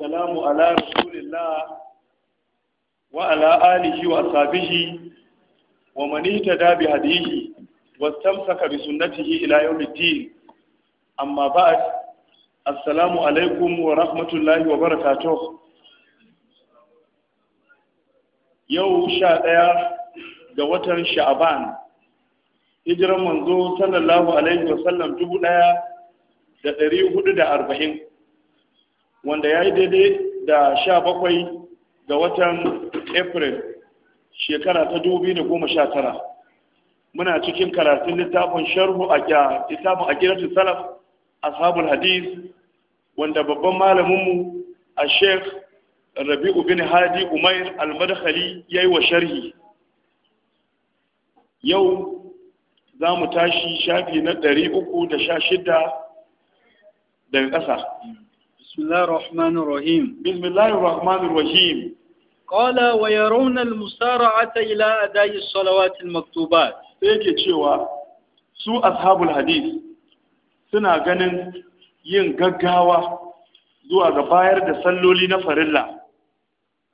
والسلام على رسول الله وعلى آله وأصحابه ومن اهتدى بهديه واستمسك بسنته إلى يوم الدين أما بعد السلام عليكم ورحمة الله وبركاته يو sha دوتن شعبان هجر منذ صلى الله عليه وسلم wasallam dubu ɗaya da ɗari hudu da arba'in wanda ya yi daidai da sha bakwai ga watan april shekara ta dubi da goma sha tara muna cikin karatun littafin sharhu a littafin a gidan salaf ashabul hadis wanda babban malaminmu a sheikh rabi'u bin hadi umair al ya yi wa sharhi yau za mu tashi shafi na 316 daga ƙasa بسم الله الرحمن الرحيم بسم الله الرحمن الرحيم قال ويرون المسارعة إلى أداء الصلوات yake cewa su ashabul hadith suna ganin yin gaggawa zuwa ga bayar da salloli na farilla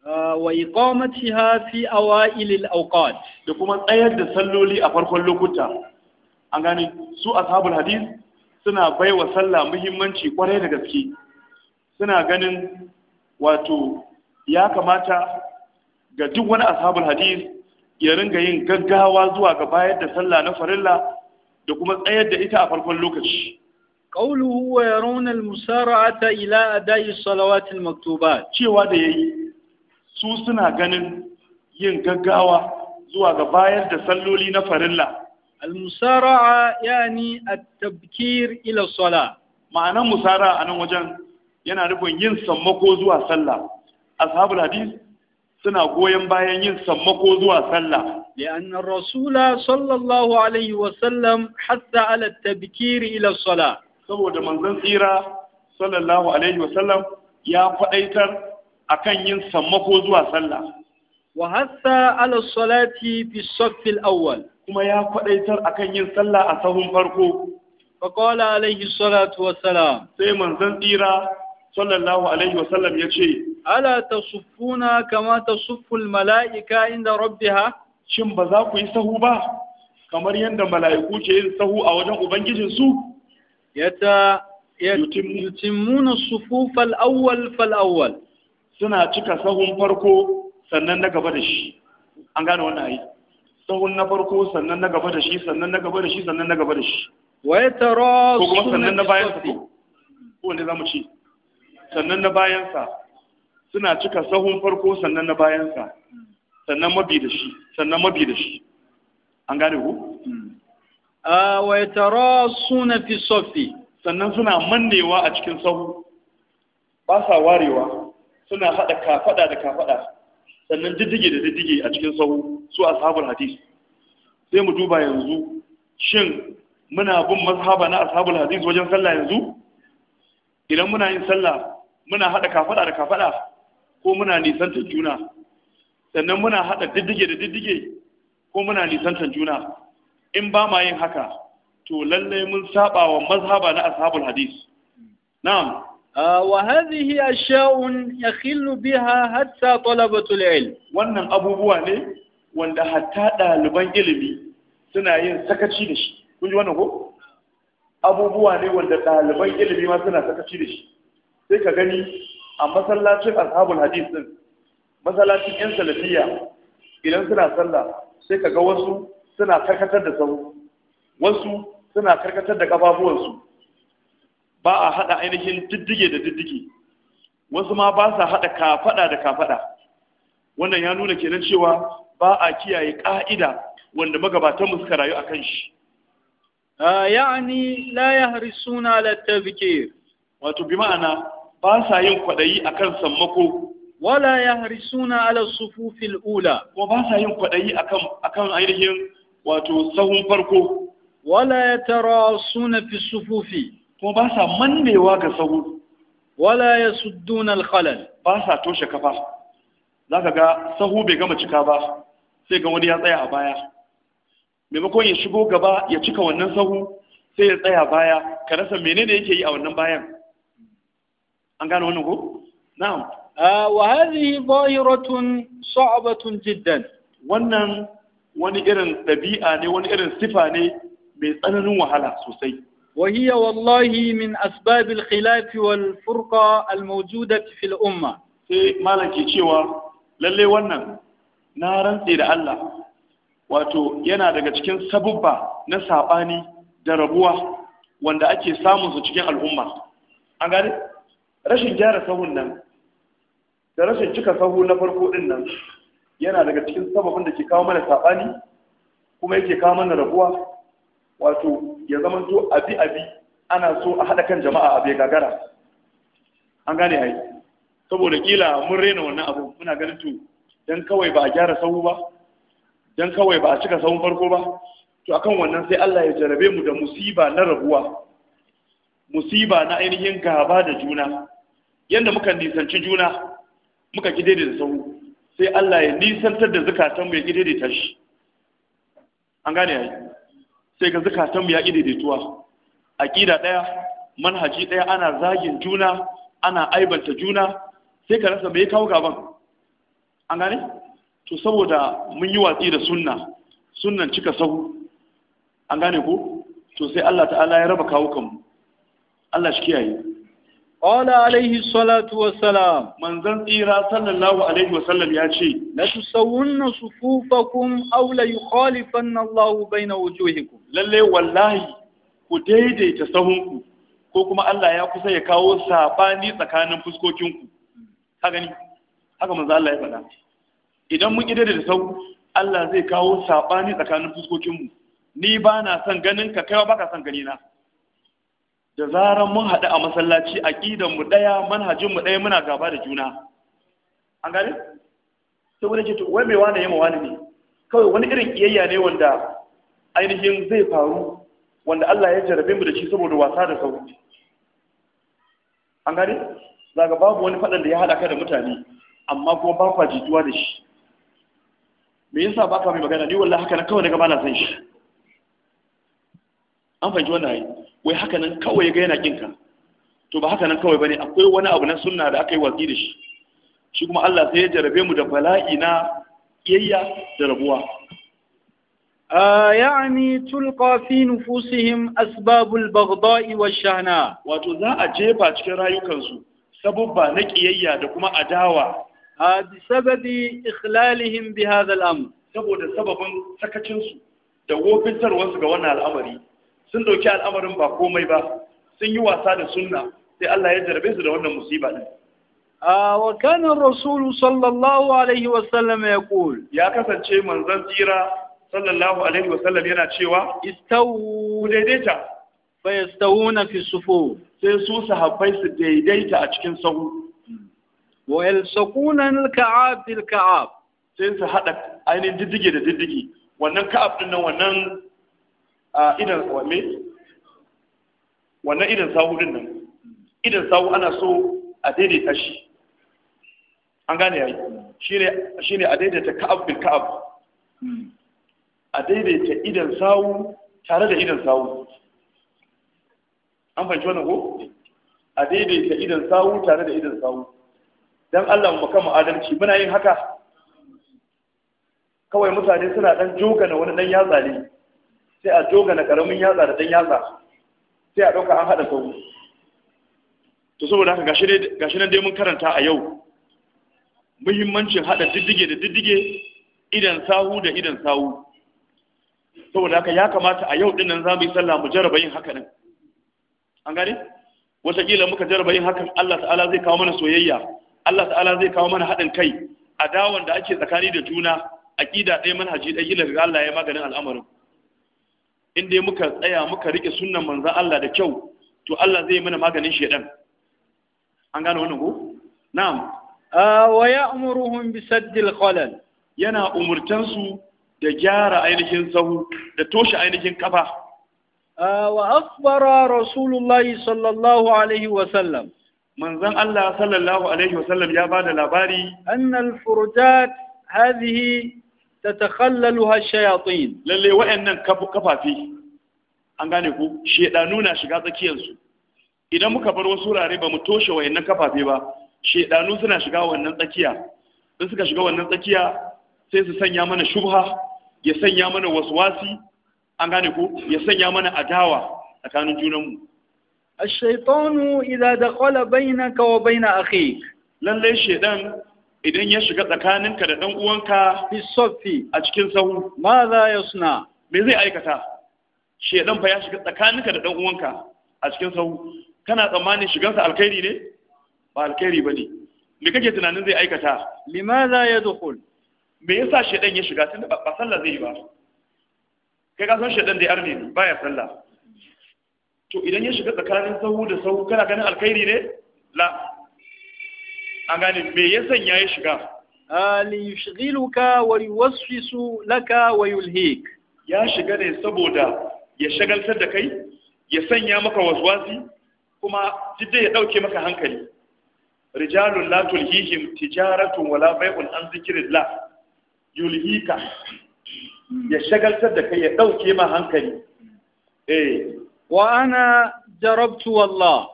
ah, wa iqamatiha fi awailil awqat da kuma tsayar da salloli a farkon lokuta an gane su ashabul hadith suna baiwa sallah muhimmanci kwarai da gaske suna ganin wato ya kamata ga duk wani ashabul hadis ya ringa yin gaggawa zuwa ga bayar da sallah na farilla da kuma tsayar da ita a farkon lokaci qawluhu wa yaruna al-musara'ata ila ada'i salawat al maktuba cewa da yayi su suna ganin yin gaggawa zuwa ga bayar da salloli na farilla al-musara'a yani at-tabkir ila salah ma'anan musara'a anan wajen yana nufin yin sammako zuwa sallah ashabul hadis suna goyon bayan yin sammako zuwa sallah لأن الرسول صلى الله عليه وسلم حث على التبكير إلى الصلاة saboda manzon tsira sallallahu alaihi wasallam ya faɗaitar akan yin sammako zuwa sallah wa hatta ala salati fi awwal kuma ya faɗaitar akan yin sallah a sahun farko fa qala alaihi salatu wassalam sai manzon tsira sallallahu alaihi wasallam ya ce ala tasuffuna kama tasuffu mala'ika inda rabbiha shin ba za ku yi sahu ba kamar yadda mala'iku ke yin sahu a wajen ubangijin su yata yutimmuna sufufa al-awwal fal awwal suna cika sahun farko sannan na gaba da shi an gane wannan ayi sahun na farko sannan na gaba da shi sannan na gaba da shi sannan na gaba da shi wa ta ko kuma sannan na bayan ko wanda zamu ci sannan na bayansa suna cika sahun farko sannan na bayansa sannan mabi da shi sannan mabi da shi an gane ku wa suna fi sofi sannan suna mannewa a cikin sahu ba sa warewa suna hada kafaɗa da kafaɗa, sannan diddige da diddige a cikin sahu su ashabul hadis sai mu duba yanzu shin muna bin mazhaba na ashabul hadis wajen sallah yanzu idan muna yin sallah muna haɗa kafaɗa da kafaɗa ko muna nisantar juna sannan muna haɗa diddige da diddige ko muna nisantar juna in ba ma yin haka to lallai mun saba wa mazhaba na ashabul hadis na'am ah, wa hadhihi asha'un yakhillu biha hatta talabatul ilm wannan abubuwa ne wanda hatta ɗaliban ilimi suna yin sakaci da shi kun ji wannan ko abubuwa ne wanda ɗaliban ilimi ma suna sakaci da shi sai ka gani a masallacin ashabul hadis din masallacin yan salafiya idan suna sallah sai ka ga wasu suna karkatar da sahu wasu suna karkatar da kafafuwansu ba a haɗa ainihin diddige da diddige wasu ma ba sa haɗa kafaɗa da kafaɗa wannan ya nuna kenan cewa ba a kiyaye ƙa'ida wanda magabatanmu suka rayu a kan shi yani la yahrisuna ala tabkir wato bi ma'ana ba sa yin kwadayi akan sammako wala yahrisuna ala sufufil ula ko ba sa yin kwadayi akan akan ainihin wato sahun farko wala yatarasuna fi sufufi ko ba sa mannewa ga sahu wala yasudduna al khalal ba sa toshe kafa zaka ga sahu bai gama cika ba sai ga wani ya tsaya a baya maimakon ya shigo gaba ya cika wannan sahu sai ya tsaya baya ka rasa menene yake yi a wannan bayan an gane wannan ko na'am ah, wa hadhihi zahiratun sa'batun jiddan wannan wani irin ɗabi'a ne wani irin sifa ne mai tsananin wahala sosai وهي والله من أسباب الخلاف والفرقة الموجودة في umma sai malam ke cewa lalle wannan na rantse da Allah wato yana daga cikin sabubba na saɓani da rabuwa wanda ake samun su cikin al'umma an gani rashin gyara sahun nan da rashin cika sahu na farko din nan yana daga cikin sababin da ke kawo mana saɓani kuma yake kawo mana rabuwa wato ya zama to abi abi ana so a haɗa kan jama'a a gagara an gane ai saboda kila mun rena wannan abu muna ganin to dan kawai ba a gyara sahu ba dan kawai ba a cika sahun farko ba to akan wannan sai Allah ya jarabe mu da musiba na rabuwa musiba na ainihin gaba da juna yanda muka nisanci juna muka gide da sahu sai Allah ya nisantar da zukatanmu ya ki da shi an gane yayi sai ga zukatan mu ya da tuwa aqida daya manhaji daya ana zagin juna ana aibanta juna sai ka rasa me ya kawo gaban an gane to saboda mun yi watsi da sunna sunnan cika sahu an gane ko to sai Allah ta'ala ya raba kawo kanmu Allah shi kiyaye Ƙwala alaihi salatu wa salam. Manzan tsira sallallahu alaihi wa sallam ya ce, La tusawunna sufufakum su la yukhalifanna yi khalifan Allah bai na wujuhikum. Lalle wallahi ku daidaita sahunku ko kuma Allah ya kusa ya kawo saɓani tsakanin fuskokinku. Haka ni, haka manzo Allah ya faɗa. idan mun idar da sau Allah zai kawo saɓani tsakanin fuskokinmu ni ba na son ganin ka kai ba ka son gani na da zarar mun haɗu a masallaci aƙidan mu ɗaya manhajinmu mu ɗaya muna gaba da juna an gane sai wani ce to wai mai wani yamma wani ne kawai wani irin kiyayya ne wanda ainihin zai faru wanda Allah ya jarabe mu da shi saboda wasa da sauri an gane zaga babu wani faɗan da ya haɗa ka da mutane amma kuma ba kwa jituwa da shi me yasa ba ka mai magana ni wallahi haka nan kawai daga gaba na san shi an fahimci wannan ai wai haka nan kawai ga yana kinka to ba haka nan kawai bane akwai wani abu na sunna da aka yi watsi da shi shi kuma Allah sai ya jarabe mu da bala'i na kiyayya da rabuwa يعني تلقى في نفوسهم أسباب البغضاء والشحناء wato za a jefa cikin rayukansu sabubba na kiyayya da kuma adawa bisababi ikhlalihim bi hadha al-amr saboda sababin sakacin su da wofintarwar su ga wannan al'amari sun dauki al'amarin ba komai ba sun yi wasa da sunna sai Allah ya jarabe su da wannan musiba din wa kana rasul sallallahu alaihi wa sallam ya kul ya kasance manzon tsira sallallahu alaihi wa sallam yana cewa istawu daidaita fi sufu sai su sahabbai su daidaita a cikin sahu wa yalsaquna al sai su hada ainihin diddige da diddige wannan ka'ab din nan wannan idan me wannan idan sahu din nan idan sahu ana so a daidaita shi an gane yayi shine shine a daidaita ka'ab bil ka'ab a daidaita idan sahu tare da idan sawu an fahimci wannan ko a daidaita idan sawu tare da idan sawu don Allah mu kama adalci muna yin haka kawai mutane suna dan jogana wani dan yatsa ne sai a jogana karamin yatsa da dan yatsa sai a ɗauka an haɗa sau to saboda haka gashi nan dai mun karanta a yau muhimmancin haɗa diddige da diddige idan sahu da idan sahu saboda haka ya kamata a yau dinnan za mu yi sallah mu jarraba yin haka nan an gane wataƙila muka jarraba yin hakan Allah ta'ala zai kawo mana soyayya Allah ta'ala zai kawo mana haɗin kai a dawon da ake tsakani da juna a ƙida ɗaya manhaji ɗaya ila ga Allah ya maganin al'amarin in dai muka tsaya muka riƙe sunnan manzon Allah da kyau to Allah zai mana maganin shedan an gano wannan ko na'am wa ya'muruhum bi saddil Qalal, yana umurtan su da gyara ainihin sahu da toshe ainihin kafa wa akhbara rasulullahi sallallahu alaihi wa sallam manzon Allah sallallahu alaihi wasallam ya bada labari annal furujat hadhihi tatakhallaluha shayatin lalle wayannan kafafi an gane ku shedanu na shiga tsakiyar su idan muka bar wasu wurare ba mu toshe wayannan kafafe ba shedanu suna shiga wannan tsakiya in suka shiga wannan tsakiya sai su sanya mana shubha ya sanya mana waswasi an gane ku ya sanya mana adawa tsakanin junanmu الشيطان إذا دخل بينك وبين أخيك لن الشيطان idan ya shiga tsakaninka da ɗan uwanka bisofi a cikin sahu ma ya suna me zai aikata shedan fa ya shiga tsakaninka da ɗan uwanka a cikin sahu kana tsammanin shigansa alkhairi ne ba alkhairi ba ne me kake tunanin zai aikata limaza ya dukhul me yasa shedan ya shiga tunda ba zai yi ba kai ka san shedan dai arne Ba baya sallah to idan ya shiga tsakanin sahu da sahu kana ganin alkhairi ne la an gane me ya sanya ya shiga ali ah, yushghiluka wa yuwassisu laka wa yulhik ya shiga ne saboda ya shagaltar da kai ya sanya maka waswasi kuma jidda ya dauke maka hankali rijalun la tulhihim tijaratun wala bai'un an zikrillah yulhika ya shagaltar da kai ya dauke ma hankali eh wa ana jarabtu wallah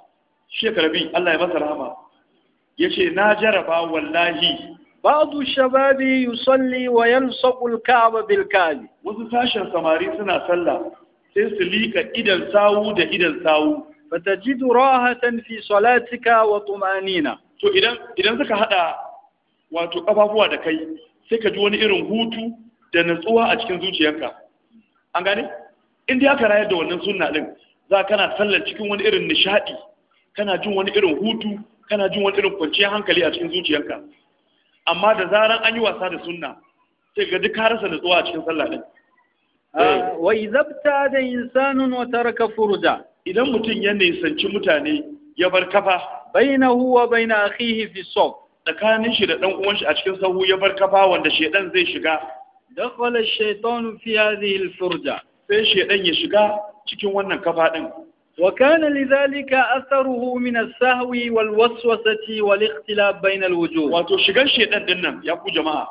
shekarabi Allah ya masa rahama yace na jaraba wallahi ba'du shababi yusalli wa yamsaqu al-ka'ba bil kali wasu sashen samari suna sallah sai su lika idan sawu da idan sawu fatajidu rahatan fi salatika wa tumanina to idan idan suka hada wato kafafuwa da kai sai ka ji wani irin hutu da natsuwa a cikin zuciyarka an gane in dai aka rayar da wannan sunna din za kana sallar cikin wani irin nishadi kana jin wani irin hutu kana jin wani irin kwanciyar hankali a cikin zuciyarka amma da zaran an yi wasa da sunna sai ga duk rasa nutsuwa a cikin sallah din ah, eh. wa izabta da insanun wa taraka furda idan mutum ya nisanci mutane ya bar kafa bainahu huwa baina akhihi fi sawf tsakanin shi da dan uwan shi a cikin sahu ya bar kafa wanda shedan zai shiga dakhala ash-shaytanu fi hadhihi al-furja sai shedan ya shiga cikin wannan kafa din wa kana lidhalika atharuhu min as-sahwi wal waswasati wal ikhtilaf bayna al-wujuh wato shigan shedan din nan ya ku jama'a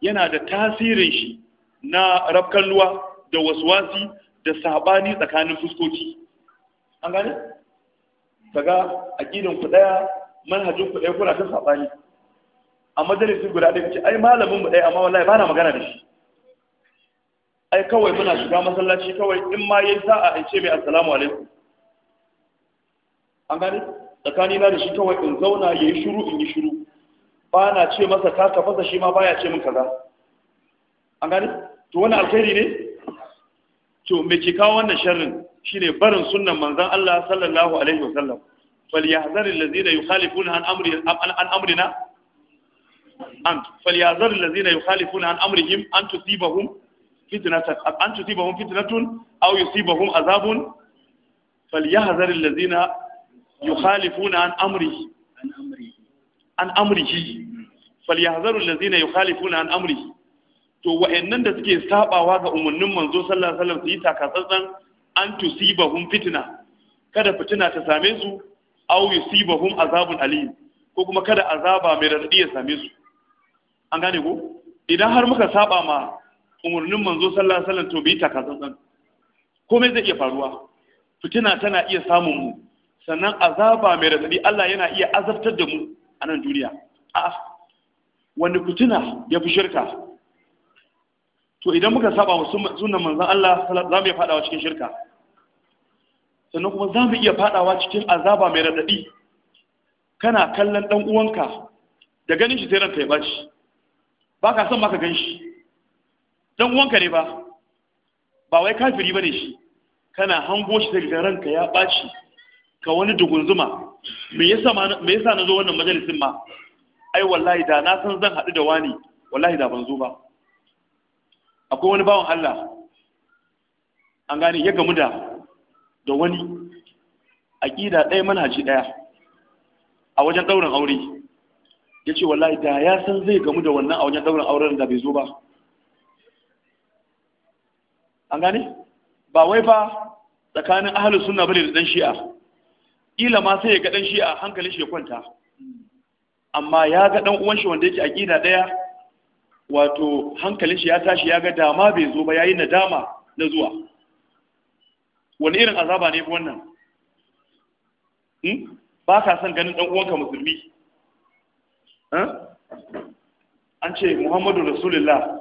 yana da tasirin shi na rabkan ruwa da waswasi da sabani tsakanin fuskoki an gane daga aqidan ku daya manhajin ku daya kuna ta sabani a dalilin guda ɗaya ce ai malamin mu ɗaya amma wallahi ba na magana da shi ai kawai muna shiga masallaci kawai in ma yayi sa'a in ce mai assalamu alaikum an gani tsakani na da shi kawai in zauna yayi shiru in yi shiru ba na ce masa ta fasa shi ma baya ce min kaza an gani to wani alkhairi ne to me ke kawo wannan sharrin shine barin sunnan manzon Allah sallallahu alaihi wasallam فليحذر الذين an An-An-Amri) عن امرنا ان فليحذر allazina yukhalifuna an amrihim an tusibahum fitnatan an tusibahum fitnatun aw yusibahum azabun falyahzar allazina yukhalifuna an amri an amrihi falyahzar allazina yukhalifuna an amrihi to wa'annan da suke sabawa ga umarnin manzo sallallahu alaihi wasallam su yi takatsantsan an tusibahum fitna kada fitina ta same su aw yusibahum azabun alim ko kuma kada azaba mai radadi ya same su an gane ko idan har muka saba ma umarnin manzo sallallahu alaihi wasallam to bi ta kasantsan komai zai iya faruwa fitina tana iya samun mu sannan azaba mai radadi Allah yana iya azabtar da mu a nan duniya a wani fitina ya fi shirka to idan muka saba wa sunan manzon Allah za mu iya fadawa cikin shirka sannan kuma za mu iya fadawa cikin azaba mai radadi kana kallon dan uwanka da ganin shi sai ranka ya bashi. ba ka son ma ka gan shi dan uwanka ne ba ba wai kafiri bane shi kana hango shi daga ranka ya baci ka wani dugunzuma me yasa me yasa na zo wannan majalisin ma ai wallahi da na san zan haɗu da wani wallahi da ban zo ba akwai wani bawan Allah an gane ya gamu da da wani aƙida ɗaya manhaji ɗaya a wajen ɗaurin aure ya ce wallahi da ya san zai gamu da wannan a wajen ɗaurin auren da bai zo ba an gane ba wai ba tsakanin ahalus sunna bane da dan shi'a kila ma sai ya ga dan shi'a hankalin shi ya kwanta amma ya ga dan uwan shi wanda yake aqida daya wato hankalin shi ya tashi ya ga dama bai zo ba yayi nadama na zuwa wani irin azaba ne wannan hmm? ba ka son ganin dan uwanka musulmi an ce muhammadu rasulullah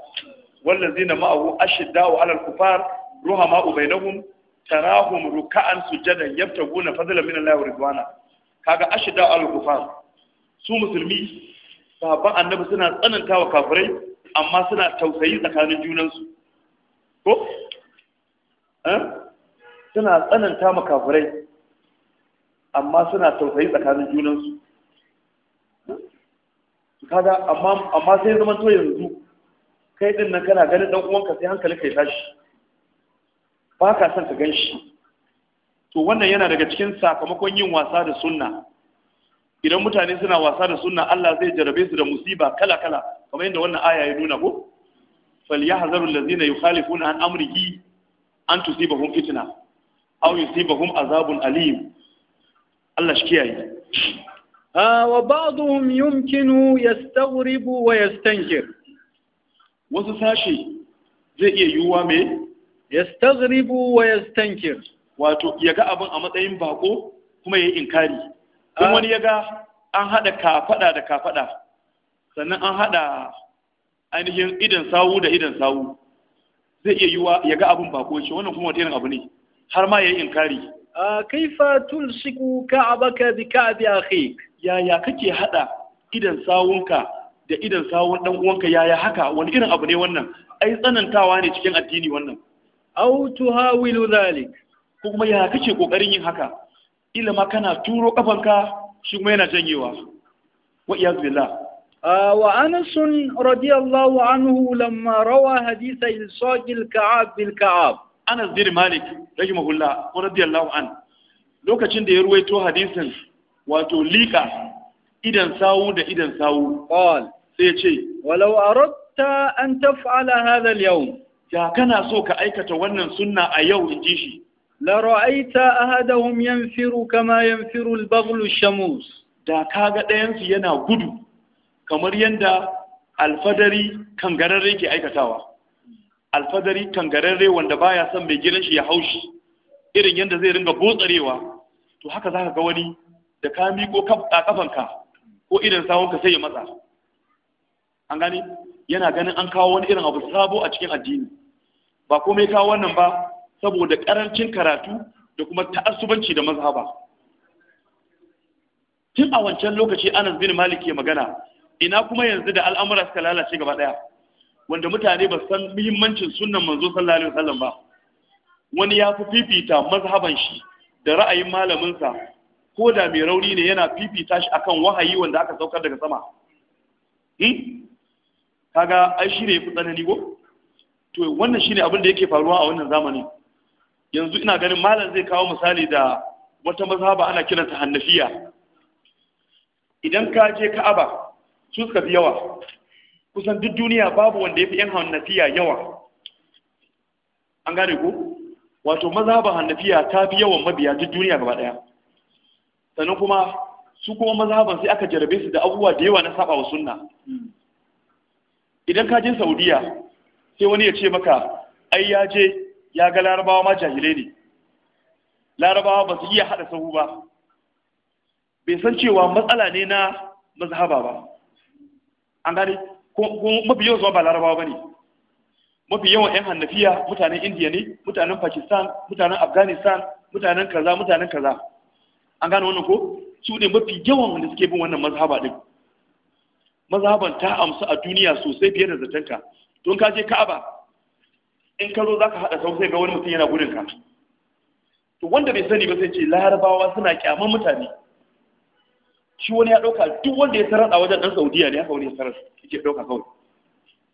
wallazina ma'ahu ashidda'u 'alal kufar ruhama'u bainahum tarahum ruk'an sujadan yabtaguna fadlan min Allah wa kaga ashidda'u 'alal kufar su musulmi baban annabi suna tsananta wa kafirai amma suna tausayi tsakanin junansu ko eh? suna tsananta ma kafirai amma suna tausayi tsakanin junansu kaga amma amma sai zaman to yanzu kai din nan kana ganin dan uwanka sai hankali kai tashi ba ka son ka ganshi to wannan yana daga cikin sakamakon yin wasa da sunna idan mutane suna wasa da sunna Allah zai jarabe su da musiba kala kala kamar yadda wannan aya ya nuna ko falyahzaru allazina yukhalifuna an amrihi an tusibahum fitna aw yusibahum azabun alim Allah shi kiyaye wa ba'dhum yumkinu yastaghribu wa yastankir wasu sashi zai iya yiwuwa mai. ya stagribu wa ya stankir wato ya ga abin a matsayin bako kuma ya yi inkari in ah. wani ya ga an haɗa kafaɗa da kafaɗa sannan an haɗa ainihin idan sawu da idan sawu zai iya yiwuwa ya ga abin bako shi wannan kuma wata irin abu ne har ma ya yi inkari kaifa tulsiku ka'abaka bi a kai. yaya kake haɗa idan sawunka da idan sawun dan uwanka yaya haka wani irin abu ne wannan ai tsanantawa ne cikin addini wannan aw tuhawilu zalik kuma ya kace kokarin yin haka ilma kana turo kafanka shi kuma yana janyewa wa iyaz billah wa anas radiyallahu anhu lamma rawa hadith al-saq kaab bil ka'ab anas bin malik rahimahullah radiyallahu an lokacin da ya ruwaito hadisin wato lika idan sawu da idan sawu qal sai ce walau aratta an taf'ala hadha yau ya kana so ka aikata wannan sunna a yau in ji shi la ra'aita ahadahum yanfiru kama yanfiru al shamus da kaga ɗayan su yana gudu kamar yanda alfadari kangararre ke aikatawa alfadari kangararre wanda baya son mai gidan shi ya haushi irin yanda zai ringa botsarewa to haka zaka ga wani da ka miko kafanka ko sawon ka sai ya matsa an gani yana ganin an kawo wani irin abu sabo a cikin addini ba komai kawo wannan ba saboda karancin karatu da kuma ta'assubanci da mazhaba tun a wancan lokaci Anas bin Malik ya magana ina kuma yanzu da al'amura suka lalace gaba daya wanda mutane ba san muhimmancin sunnan manzo sallallahu alaihi wasallam ba wani ya fi fifita mazhaban shi da ra'ayin malaminsa ko da mai rauni ne yana fifita shi akan wahayi wanda aka saukar daga sama hmm? kaga ai shi ne fi tsanani ko to wannan shine abin da yake faruwa a wannan zamani yanzu ina ganin malam zai kawo misali da wata mazhaba ana kiranta hanafiya idan ka je ka'aba su suka fi yawa kusan duk duniya babu wanda ya fi yan hanafiya yawa an gane ko wato mazhaba hanafiya ta fi yawan mabiya duk duniya gaba daya sannan kuma su kuma mazhaban sai aka jarabe su da abubuwa da yawa na saba wa sunna idan ka je saudiya sai wani ya ce maka ai ya je ya ga larabawa ma jahilai ne larabawa ba su iya haɗa sahu ba bai san cewa matsala ne na mazhaba ba an gane mafi yawan zuwa ba larabawa ba ne mafi yawan 'yan hannafiya mutanen indiya ne mutanen pakistan mutanen afghanistan mutanen kaza mutanen kaza an gane wannan ko su ne mafi yawan wanda suke bin wannan mazhaba din mazhaban ta amsa a duniya sosai fiye da zatanka don ka je ka'aba in ka zo zaka hada sau sai ga wani mutum yana gudun ka to wanda bai sani ba sai ce larabawa suna kyaman mutane shi wani ya dauka duk wanda ya sarar a wajen dan saudiya ne haka wani ya tarar yake dauka kawai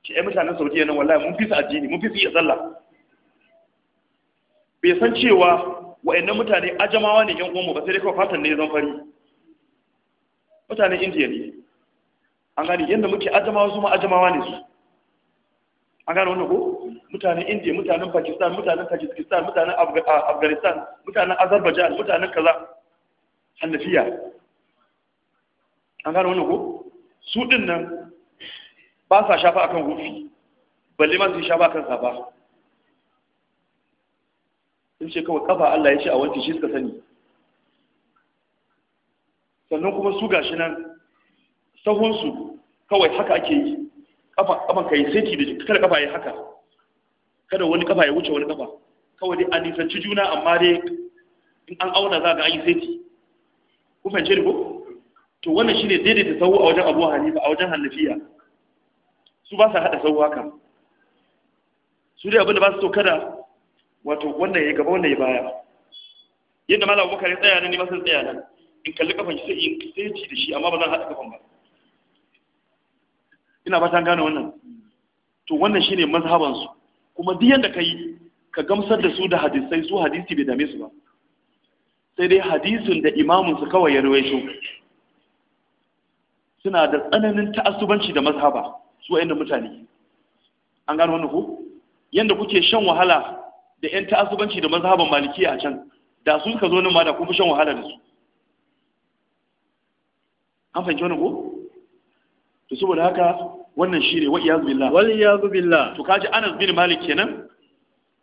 ce ai mutanen saudiya nan wallahi mun fi su addini mun fi su iya sallah bai san cewa wa'annan mutane ajamawa ne yan uwanmu ba sai dai kawai fatan ne zan fari mutanen indiya ne an gani yadda muke ajamawa su ma'ajamawa ne su an gane wani ko mutanen indiya mutanen pakistan mutanen tajikistan mutanen afghanistan mutanen azerbaijan mutanen kaza hannafiya an gane wani ko su din nan ba sa shafa akan hufi balle ma su shafa akan safa sun ce kawai kafa Allah ya ce a wancan shi suka sani sannan kuma su gashi nan sahunsu kawai haka ake yi kafa ka yi seti da kada kafa ya haka kada wani kafa ya wuce wani kafa kawai dai an nisanci juna amma dai in an auna za ga an yi seti ku fahimce ne ko to wannan shine daidaita sahu a wajen abu hanifa a wajen hannafiya su ba sa hada sahu haka su dai abinda ba su so kada wato wannan ya gaba wannan ya baya yadda malam abubakar ya tsaya nan ni ma san tsaya nan in kalli kafan shi sai in sai ci da shi amma ba zan haɗa kafan ba ina ba ta gane wannan to wannan shine mazhaban su kuma duk yanda kai ka gamsar da su da hadisai su hadisi bai dame su ba sai dai hadisin da imamun su kawai ya rawaito suna da tsananin ta'assubanci da mazhaba su wayannan mutane an gano wannan ko yanda kuke shan wahala da yan ta'assubanci da mazhaban maliki a can da su ka zo nan ma da kuma shan wahala da su an fahimci wannan ko to saboda haka wannan ne wa iyaz billah wal billah to kaji Anas bin Malik kenan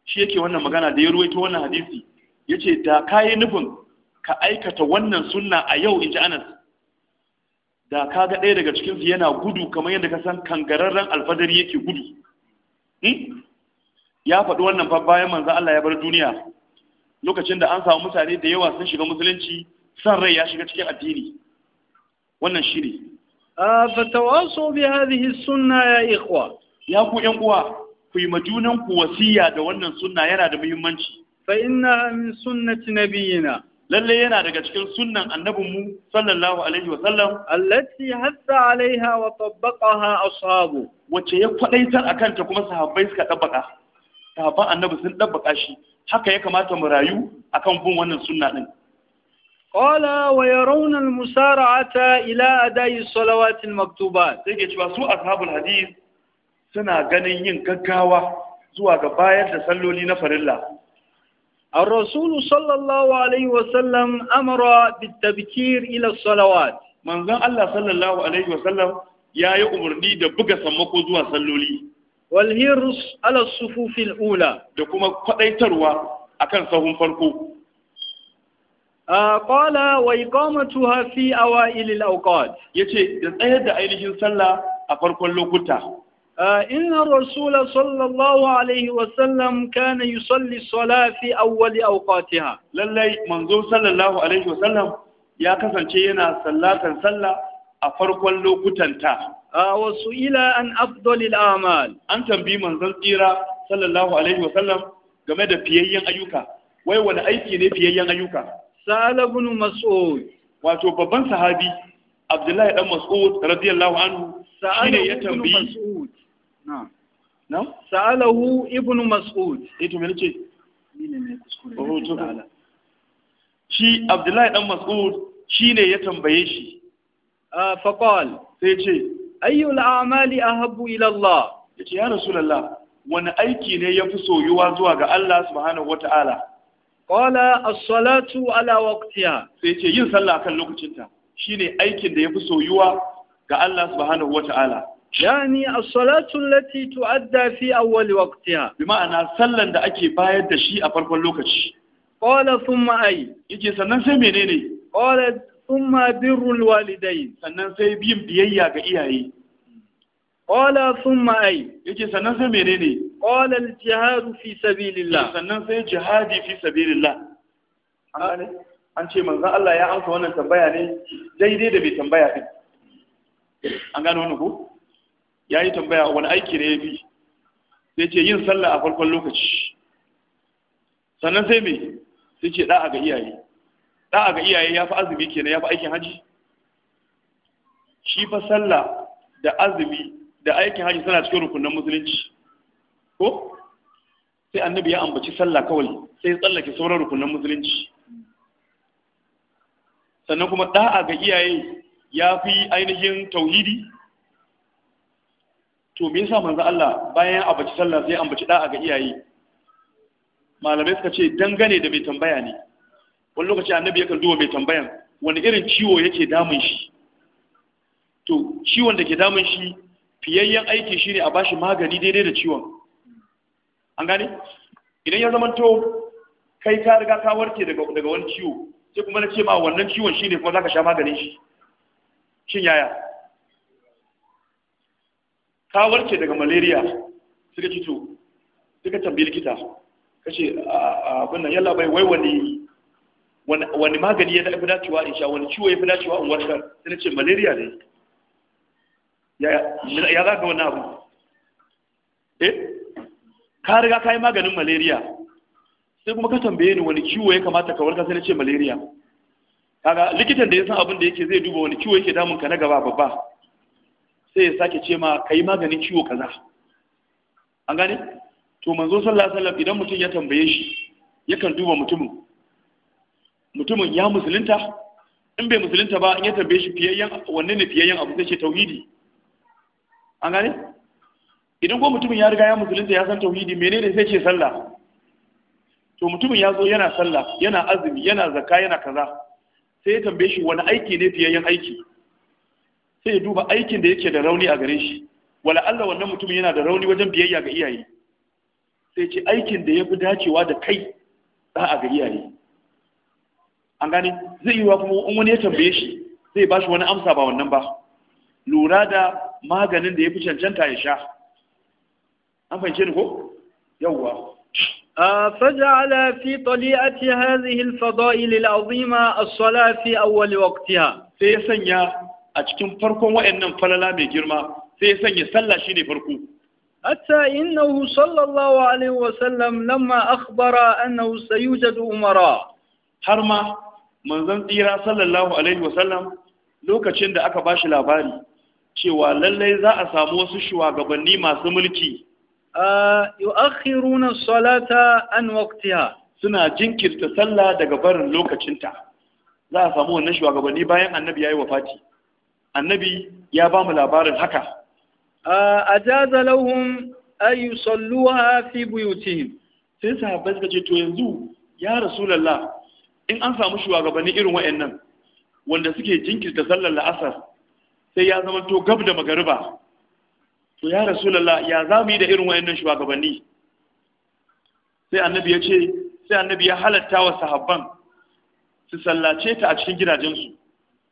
shi yake wannan magana da ya ruwaito wannan hadisi yace da kai nufin ka aikata wannan sunna a yau inji Anas da ka ɗaya daga cikinsu yana gudu kamar yadda ka san kangararren alfadari yake gudu hmm? ya faɗi wannan fa bayan manzo Allah ya bar duniya lokacin da an samu mutane da yawa sun shiga musulunci san rai ya shiga cikin addini wannan shi fatawaso bi hadhihi sunna ya ikhwa ya ku yan uwa ku yi majunan ku wasiya da wannan sunna yana da muhimmanci fa inna min sunnati nabiyina lalle yana daga cikin sunnan annabinmu sallallahu alaihi wa sallam allati hatta alaiha wa tabbaqaha ashabu wace ya kwadaitar akan ta kuma sahabbai suka dabbaka sahabban annabi sun dabbaka shi haka ya kamata mu rayu akan bun wannan sunna din Ƙola wa ya raunar musara'ata ila a dayi salawatin maktuba. Sai ke cewa su ashabul hadis suna ganin yin gaggawa zuwa ga bayar da salloli na farilla. A Rasulu sallallahu Alaihi wasallam ila salawat. Manzon Allah sallallahu Alaihi ya yi umarni da buga sammako zuwa salloli. Walhirus ala sufufin ula. Da kuma kwaɗaitarwa akan sahun farko. Kwala ah, wai ikoma tuha fi awa ilil auqad ya ce, da tsayar da ainihin sallah a farkon lokuta. Ah, inna Rasula sallallahu Alaihi wasallam kana yusalli sola fi awwali auqatiha. Lallai manzo sallallahu Alaihi wasallam ya kasance yana sallatan sallah a farkon lokutanta. Ah, Wasu ila an afdolil amal. An tambayi manzon tsira sallallahu Alaihi wasallam game da fiyayyen ayyuka. Wai wane aiki ne fiyayyen ayyuka? bin mas'ud wato babban sahabi abdullahi dan mas'ud radiyallahu anhu shine ya tambayi na'am na'am sa'alahu ibnu mas'ud eh to me nace ne kuskure oh, shi abdullahi dan mas'ud shine ya tambaye shi ah, fa qal sai ce ayyul a'mali ahabbu ila Allah yace ya rasulullah wani aiki ne ya fi soyuwa zuwa ga Allah subhanahu wata'ala Kola as-salatu ala waqtiha sai ce yin sallah kan lokacinta shine aikin da yafi soyuwa ga Allah subhanahu wata'ala yani as-salatu allati tu'adda fi awwal waqtiha bi ma'ana sallan da ake bayar da shi a farkon lokaci Kola thumma ay yace sannan sai menene Kola thumma birrul walidayn sannan sai biyin biyayya ga iyaye Kola thumma ay yace sannan sai menene qala al jihad fi sabilillah sannan sai jihadi fi sabilillah an an ce manzon Allah ya amsa wannan tambaya ne daidai da bai tambaya din an gano wannan ko yayi tambaya wani aiki ne yafi sai ce yin sallah a farkon lokaci sannan sai me sai ce da'a ga iyaye da'a ga iyaye ya fi azumi kenan ya fi aikin haji shi fa sallah da azumi da aikin haji suna cikin rukunin musulunci ko sai annabi ya ambaci sallah kawai sai ya tsallake sauran rukunan musulunci sannan kuma da'a ga iyaye ya fi ainihin tauhidi to me yasa manzo Allah bayan ambaci sallah sai ambaci da'a ga iyaye malamai suka ce dangane da mai tambaya ne wani lokaci annabi yakan duba mai tambayan wani irin ciwo yake damun shi to ciwon da ke damun shi fiyayyen aiki shine a bashi magani daidai da ciwon an gane idan ya zama to kai ka riga ka warke daga wani ciwo sai kuma na ce ma wannan ciwon shi ne kuma za ka sha maganin shi shin yaya ka warke daga malaria suka ci to suka tambayi likita ka ce abin nan yalla bai wai wani wani magani ya fi dacewa in sha wani ciwo ya fi dacewa in warkar sai na ce malaria ne ya za ga wannan abu eh ka riga ka yi maganin malaria sai kuma ka tambaye ni wani ciwo ya kamata ka warka sai na ce malaria kaga likitan da ya san abin da yake zai duba wani ciwo yake damun ka na gaba babba sai ya sake ce ma kai maganin ciwo kaza an gane to manzo sallallahu alaihi wasallam idan mutum ya tambaye shi yakan duba mutumin mutumin ya musulunta in bai musulunta ba in ya tambaye shi fiyayyen wanne ne fiyayyen abu sai ce tauhidi an gane idan ko mutumin ya riga ya musulunta ya san tauhidi menene sai ce sallah to mutumin ya zo yana sallah yana azumi yana zakka yana kaza sai ya tambaye shi wani aiki ne fiye yin aiki sai ya duba aikin da yake da rauni a gare shi wala Allah wannan mutumin yana da rauni wajen biyayya ga iyaye sai ce aikin da ya fi dacewa da kai da a ga iyaye an gane zai yi wa kuma in wani ya tambaye shi zai ba shi wani amsa ba wannan ba lura da maganin da ya fi cancanta ya sha an fahimce ni ko yawwa فجعل في طليعة هذه الفضائل العظيمة الصلاة في أول وقتها سيسنيا أتكم فرقم وإنم فللا مجرما سيسنيا سلا شيني فرقو حتى إنه صلى الله عليه وسلم لما أخبر أنه سيوجد أمراء هرما من زنطيرا صلى الله عليه وسلم لوكا تشند أكباش لاباري cewa lallai za a samu wasu shugabanni masu mulki yu'akhiruna salata an waqtiha suna jinkirta sallah daga barin lokacinta za a samu wannan shugabanni bayan annabi yayi wafati annabi ya ba mu labarin haka ajaza lahum ay yusalluha fi buyutihim sai sahabbai suka ce to yanzu ya rasulullah in an samu shugabanni irin wayannan wanda suke jinkirta sallar la'asar sai ya zama to gab da magariba to ya rasulullah ya za mu yi da irin wayannan shugabanni sai annabi ya ce sai annabi ya halatta wa sahabban su sallace ta a cikin gidajensu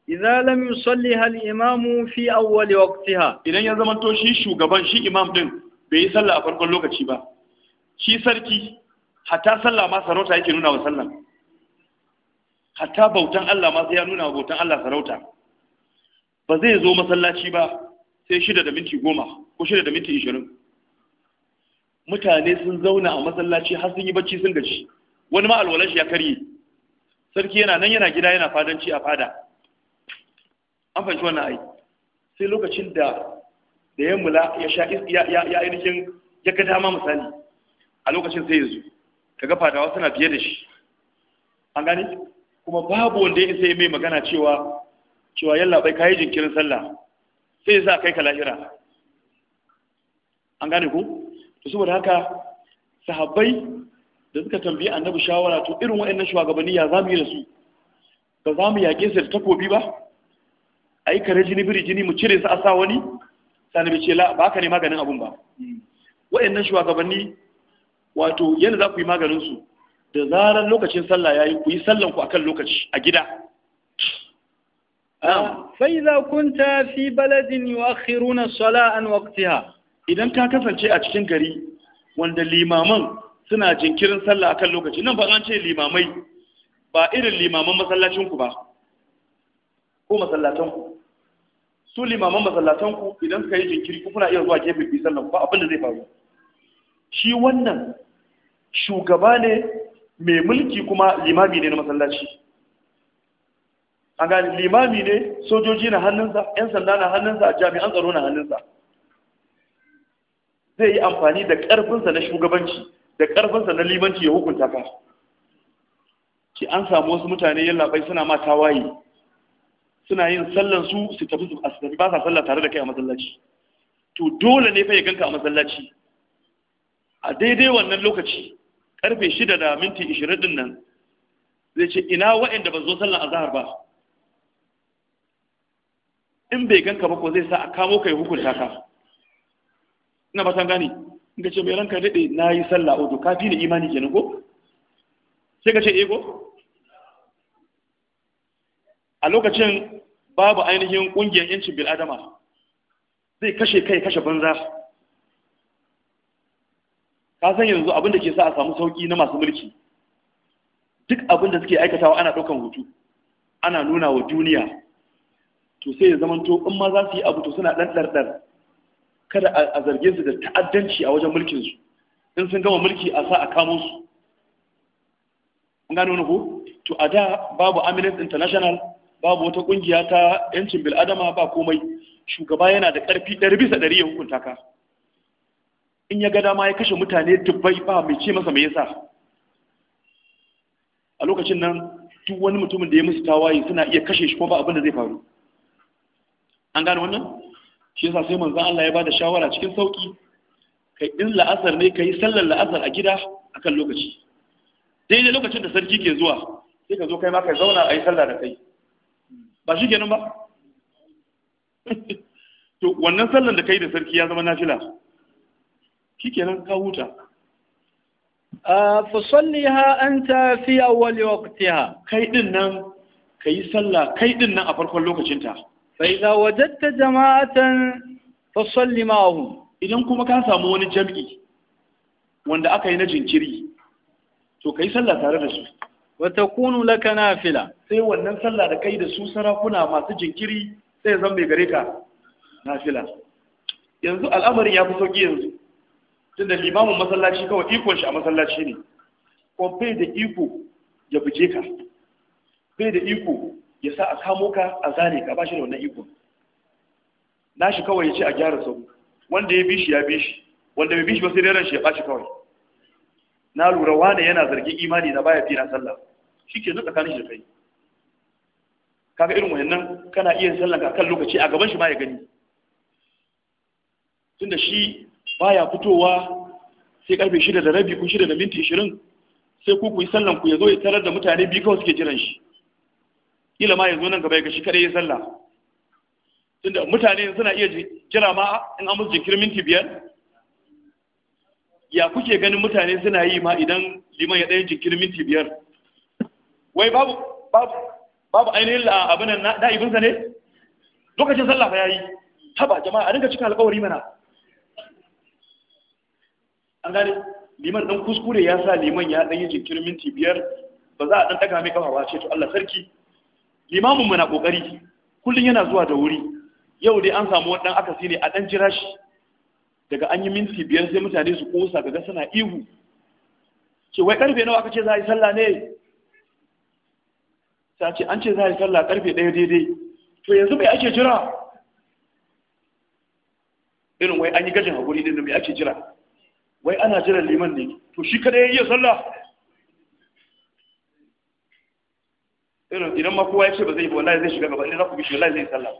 idza lam yusalli hal imamu fi awwal waqtiha idan ya to shi shugaban shi imam din bai yi sallah a farkon lokaci ba shi sarki hatta sallah ma sarauta yake nuna wa sallah hatta bautan Allah ma sai ya nuna wa bautan Allah sarauta ba zai zo masallaci ba sai shida da minti goma ko shida da minti ishirin mutane sun zauna a masallaci har sun yi bacci sun gaji wani ma alwalar shi ya karye sarki yana nan yana gida yana fadanci a fada an fahimci wannan ai sai lokacin da da ya mula ya sha ya ainihin ya ga dama misali a lokacin sai yanzu zo kaga fadawa suna fiye da shi an gane kuma babu wanda ya isa ya mai magana cewa cewa yalla bai kai jinkirin sallah sai ya sa kai ka lahira an gane ko? to saboda haka sahabbai da suka tambayi annabi shawara to irin wa'annan shugabanni ya zamu yi da su ba za mu yaƙe su da takobi ba a yi kare jini biri jini mu cire su a sa wani bai ce la ba ka ne maganin abun ba wa'annan shugabanni wato yadda za ku yi maganin su da zarar lokacin sallah ya yi ku yi sallan ku akan lokaci a gida فإذا كنت في بلد يؤخرون الصلاة عن وقتها idan ka kasance a cikin gari wanda limaman suna jinkirin sallah akan lokaci nan ba an ce limamai ba irin limaman masallacinku ba ko masallatanku su limaman masallatanku idan suka yi jinkiri ku kuna iya zuwa gefe bi sallah ba abin da zai faru shi wannan shugaba ne mai mulki kuma limami ne na masallaci an gani limami ne sojoji na hannunsa 'yan sanda na hannunsa jami'an tsaro na hannunsa zai yi amfani da ƙarfinsa na shugabanci da ƙarfinsa na limanci ya hukunta ka ki an samu wasu mutane yallaɓai suna ma tawaye suna yin sallan su su tafi su tafi ba sa sallah tare da kai a masallaci to dole ne fa ya ganka a masallaci a daidai wannan lokaci karfe shida da minti ishirin din nan zai ce ina wa'anda ba zo sallan azhar ba in bai ganka ba ko zai sa a kamo kai hukunta ka ina ba san gane inda ka ce mai ranka daɗe na yi sallah oto ka fi ni imani kenan ko sai ka ce eh ko a lokacin babu ainihin ƙungiyar yancin bil'adama zai kashe kai kashe banza ka san yanzu abin da ke sa a samu sauƙi na masu mulki duk abin da suke aikatawa ana ɗaukan hutu ana nuna wa duniya to sai ya zamanto in ma za su yi abu to suna ɗan ɗarɗar kada a zarge su da ta'addanci a wajen mulkin su in sun gama mulki a sa a kamo su an gano ko to a da babu Amnesty International babu wata kungiya ta yancin bil'adama ba komai shugaba yana da karfi ɗari bisa ɗari ya hukunta ka in ya ga dama ya kashe mutane dubbai ba mai ce masa mai yasa a lokacin nan duk wani mutumin da ya musu tawaye suna iya kashe shi kuma ba abin da zai faru an gano wannan shi yasa sai manzon Allah ya bada shawara cikin sauki kai in la'asar ne kai sallar la'asar a gida akan lokaci daidai lokacin da sarki ke zuwa sai ka zo kai ma kai zauna a yi sallah da kai ba shi kenan ba to wannan sallar da kai da sarki ya zama nafila shi kenan ka huta fasalliha anta fi awwali waqtiha kai din nan kai sallah kai din nan a farkon lokacinta فإذا وجدت جماعة فصل معهم idan kuma ka samu wani jam'i wanda aka yi na jinkiri to kai sallah tare da su wata kunu laka nafila sai wannan sallah da kai da su sarakuna masu jinkiri sai zan mai gare ka nafila yanzu al'amarin ya fi sauki yanzu tunda limamin masallaci kawai ikon shi a masallaci ne ko da iko ya buje ka bai da iko ya sa a kamo ka a zane ka ba shi da wannan iko na shi kawai ya ce a gyara sau wanda ya bi shi ya bi shi wanda bai bi shi ba sai dai ran shi ya ɓaci kawai na lura wane yana zargin imani na baya fina sallah shi ke zuka kanin shi da kai kaga irin wannan kana iya Sallah ka kan lokaci a gaban shi ma ya gani tunda shi baya fitowa sai karfe shida da rabi ko shida da minti ashirin, sai ku ku yi sallan ku ya zo ya tarar da mutane biyu kawai suke jiran shi kila ma yanzu nan gaba ya shi kada ya sallah tunda mutane suna iya jira ma in an musu jinkir minti biyar ya kuke ganin mutane suna yi ma idan liman ya ɗaya jinkir minti biyar wai babu babu babu ainihin abin nan da'ibinsa ne lokacin sallah fa yayi haba jama'a a dinga cika alƙawari mana an gane liman dan kuskure ya sa liman ya ɗaya yi jinkirin minti biyar ba za a dan daga mai kafa ba ce to Allah sarki limamin mu na kokari kullun yana zuwa da wuri yau dai an samu wadan akasi ne a dan jira shi daga an yi minti biyar sai mutane su kosa kaga sana ihu ce wai karfe nawa aka ce za a yi sallah ne ta ce an ce za a yi sallah karfe ɗaya daidai to yanzu mai ake jira irin wai an yi gajin hakuri ne da bai ake jira wai ana jiran liman ne to shi kada ya yi sallah irin idan makowa ya ce ba zai ba wallahi zai shiga gaba ne za ku bishi wallahi zai sallah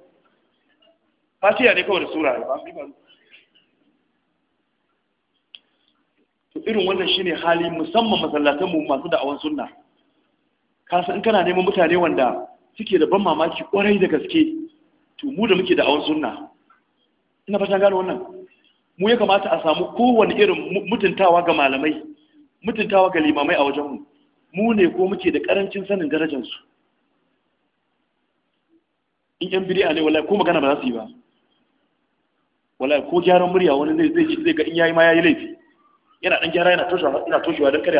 fatiya ne kawai da sura ba to irin wannan shine hali musamman masallatan mu masu da'awan sunna ka san kana neman mutane wanda suke da ban mamaki kwarai da gaske to mu da muke da'awan sunna ina fatan gano wannan mu ya kamata a samu kowane irin mutuntawa ga malamai mutuntawa ga limamai a wajenmu mu ne ko muke da karancin sanin darajarsu in yan bid'a ne wallahi ko magana ba za su yi ba wallahi ko gyaran murya wani zai zai zai ga in yayi ma yayi laifi yana dan gyara yana toshewa yana toshewa dan kare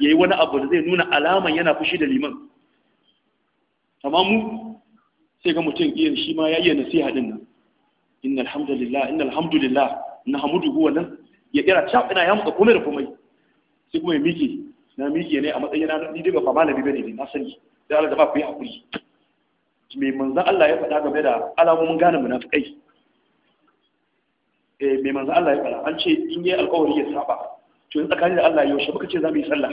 yayi wani abu da zai nuna alaman yana fushi da liman amma mu sai ga mutum iya shi ma yayi nasiha din nan innal hamdulillah innal hamdulillah nahmuduhu wa wannan. ya kira cha ina ya muka komai da komai sai kuma ya miki, na miki ne a matsayin na ni dai ba malami bane ne na sani sai Allah da ba ku yi hakuri Mai manzan Allah ya faɗa game da alamomin gane munafikai eh me manzan Allah ya faɗa an ce in yi alƙawari ya saba to in tsakani da Allah yaushe baka ce za mu yi sallah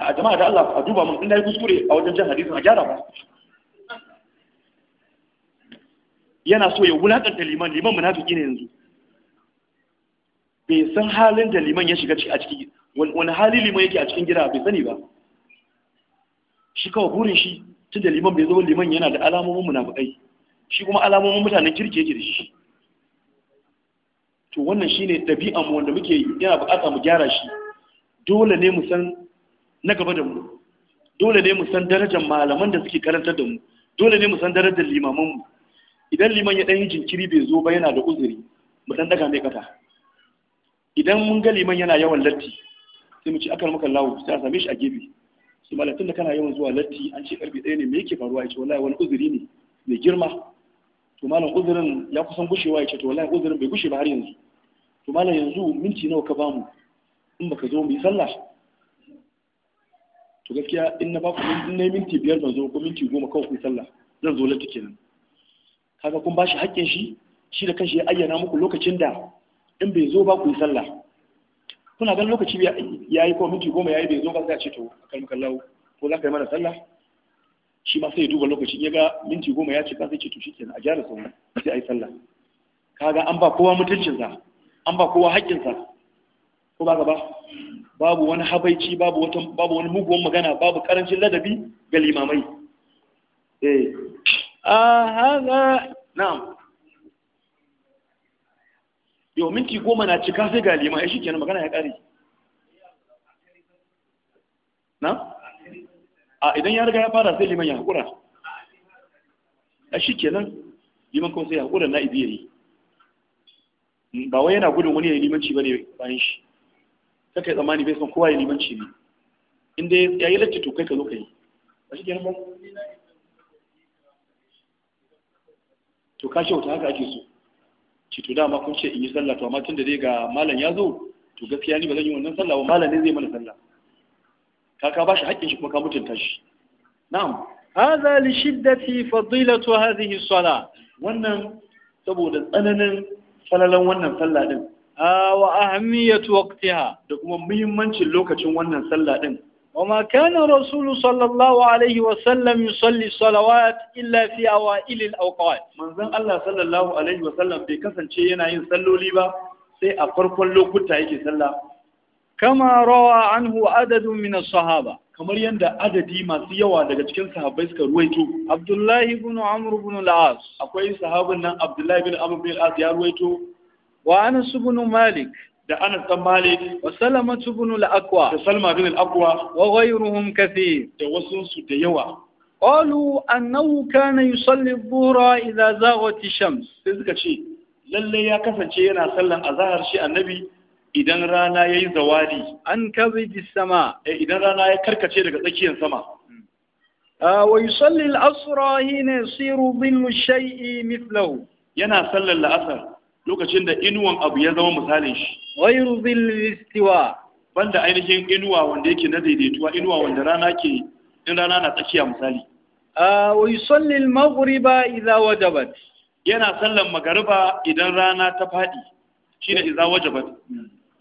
a jama'a da Allah a duba mun in yi kuskure a wajen jan hadisin a gyara ba yana so ya wulakanta liman liman munafiki ne yanzu bai san halin da liman ya shiga ciki a ciki wani hali liman yake a cikin gida bai sani ba shi kawai burin shi tunda liman bai zo liman yana da alamomin munafukai shi kuma alamomin mutanen kirki yake da shi to wannan shine ɗabi'an mu wanda muke yana buƙata mu gyara shi dole ne mu san na gaba da mu dole ne mu san darajar malaman da suke karantar da mu dole ne mu san darajar limaman mu idan liman ya ɗanyi yi jinkiri bai zo ba yana da uzuri mu dan daga mai kafa idan mun ga liman yana yawan latti sai mu ci akal maka lawo sai a same shi a gefe su malam tunda kana yawan zuwa latti an ce karfe ɗaya ne me yake faruwa yace wallahi wani uzuri ne mai girma to malam uzurin ya kusan gushewa yace to wallahi uzurin bai gushe ba har yanzu to malam yanzu minti nawa ka bamu in baka zo mu yi sallah to gaskiya in na baku in na minti biyar ban zo ko minti goma kawai ku sallah zan zo latti kenan kaga kun bashi haƙƙin shi shi da kanshi ya ayyana muku lokacin da in bai zo ba ku yi sallah kuna ganin lokaci ya yi kwamiti minti goma ya yi bai zo ba za a ce to a kan kallawo ko za ka yi mana sallah shi ma sai ya duba lokaci ya ga minti goma ya ce ba zai ce to kenan a gyara sauri sai a yi sallah kaga an ba kowa mutuncinsa an ba kowa haƙƙinsa ko ba gaba babu wani habaici babu wata babu wani muguwan magana babu karancin ladabi ga limamai eh a na'am yau minti goma na cika sai ga lima ya shi kenan magana ya ƙare na? a idan ya riga ya fara sai liman ya haƙura Ya shi kenan liman kuma sai ya haƙura na ibi ya yi hmm, ba wai yana gudun wani ya yi limanci ba ne bayan shi kaka yi tsammani bai san kowa ya limanci ne inda ya yi lacce to kai ka zo ka yi a shi kenan ba to ka shi wata haka ake so Cito, to dama kun ce in yi sallah to amma tun da dai ga malam ya zo to gaskiya ni ba zan yi wannan sallah ba malam ne zai mana sallah ka ka bashi haƙƙin shi kuma ka mutunta shi na'am hadha li shiddati fadilatu hadhihi as wannan saboda tsananin falalan wannan sallah din ah, wa ahammiyatu waqtiha da kuma muhimmancin lokacin wannan sallah din وما كان الرسول صلى الله عليه وسلم يصلي الصلوات إلا في أوائل الأوقات من ذن الله صلى الله عليه وسلم في كسن شيء ينعين صلوا ليبا سي أقرق لو كتا يجي صلى كما روى عنه عدد من الصحابة kamar yadda adadi masu yawa daga cikin sahabbai suka ruwaito Abdullahi ibn Amr ibn al-As akwai sahabin nan Abdullahi ibn Amr ibn al-As ya ruwaito wa Anas ibn Malik da Anas dan Malik wa Salama ibn al-Aqwa da Salma bin al-Aqwa wa ghayruhum kathir da wasu su da yawa قالوا أنه كان يصلي الظهر إذا زاغت Sai suka ce lalle ya kasance yana sallan azhar shi annabi idan rana yayi zawari an kabidi sama eh, idan rana ya karkace daga tsakiyar sama ah, wa yusalli al-asr hina yasiru dhillu shay'i mithlahu yana sallan al-asr lokacin da inuwan abu ya zama misalin shi Wai dhil istiwa banda ainihin inuwa wanda yake na daidaituwa inuwa wanda rana ke in rana na tsakiya misali wa yusalli al-maghriba idha wajabat yana sallan magariba idan rana ta fadi shine idza wajabat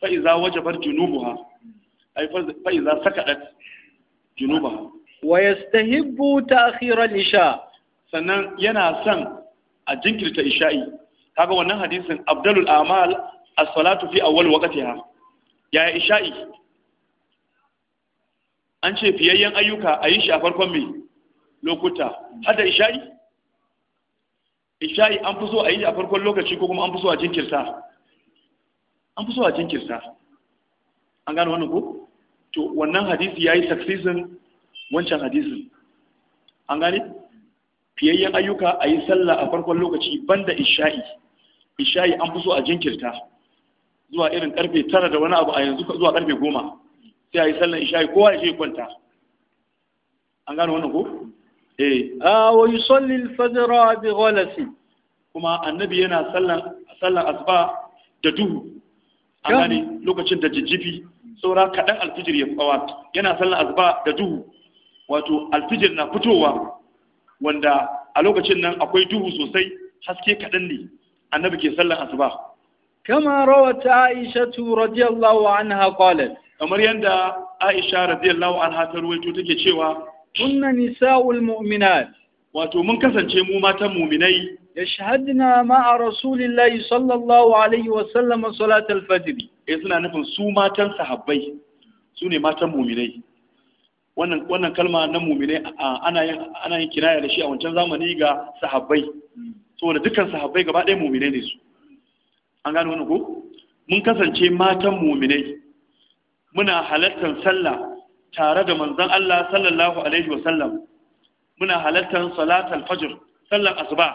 fa idza wajabat junubuha ay fa idza sakadat junubuha wa yastahibbu ta'khir al-isha sannan yana son a jinkirta isha'i kaga wannan hadisin abdalul amal as-salatu fi awwal waqtiha ya isha'i an ce fiyayyen ayyuka a yi shi a farkon mai lokuta har da isha'i isha'i an fi so a yi a farkon lokaci ko kuma an fi so a jinkirta an fi so a jinkirta an gano wannan ko to wannan hadisi ya yi succession wancan hadisin an gane fiyayyen ayyuka a yi sallah a farkon lokaci banda isha'i ishayi an fi so a jinkirta zuwa irin karfe tara da wani abu a yanzu zuwa karfe goma sai a yi sallan ishayi, kowa ya je kwanta an gano wannan ko eh a wa yusalli al-fajr bi ghalasi kuma annabi yana sallan sallan asuba da duhu an gane lokacin da jijjifi saura kaɗan alfijir ya fawa yana sallan asuba da duhu wato alfijir na fitowa wanda a lokacin nan akwai duhu sosai haske kaɗan ne annabi ke sallar asuba kama rawata aisha radiyallahu anha qalat kamar yanda aisha radiyallahu anha ta ruwaito take cewa kunna nisa'ul mu'minat wato mun kasance mu matan mu'minai yashhadna ma'a rasulillahi sallallahu alaihi wa sallam salat al-fajr eh suna nufin su matan sahabbai su ne matan mu'minai wannan wannan kalma na mu'minai ana yin ana yin kiraya da shi a wancan zamani ga sahabbai hmm. saboda dukkan sahabbai gaba ɗaya mumine ne su an gano wani ko mun kasance matan muminai muna halartar sallah tare da manzon Allah sallallahu alaihi wa sallam muna halartar salatul fajr sallan asuba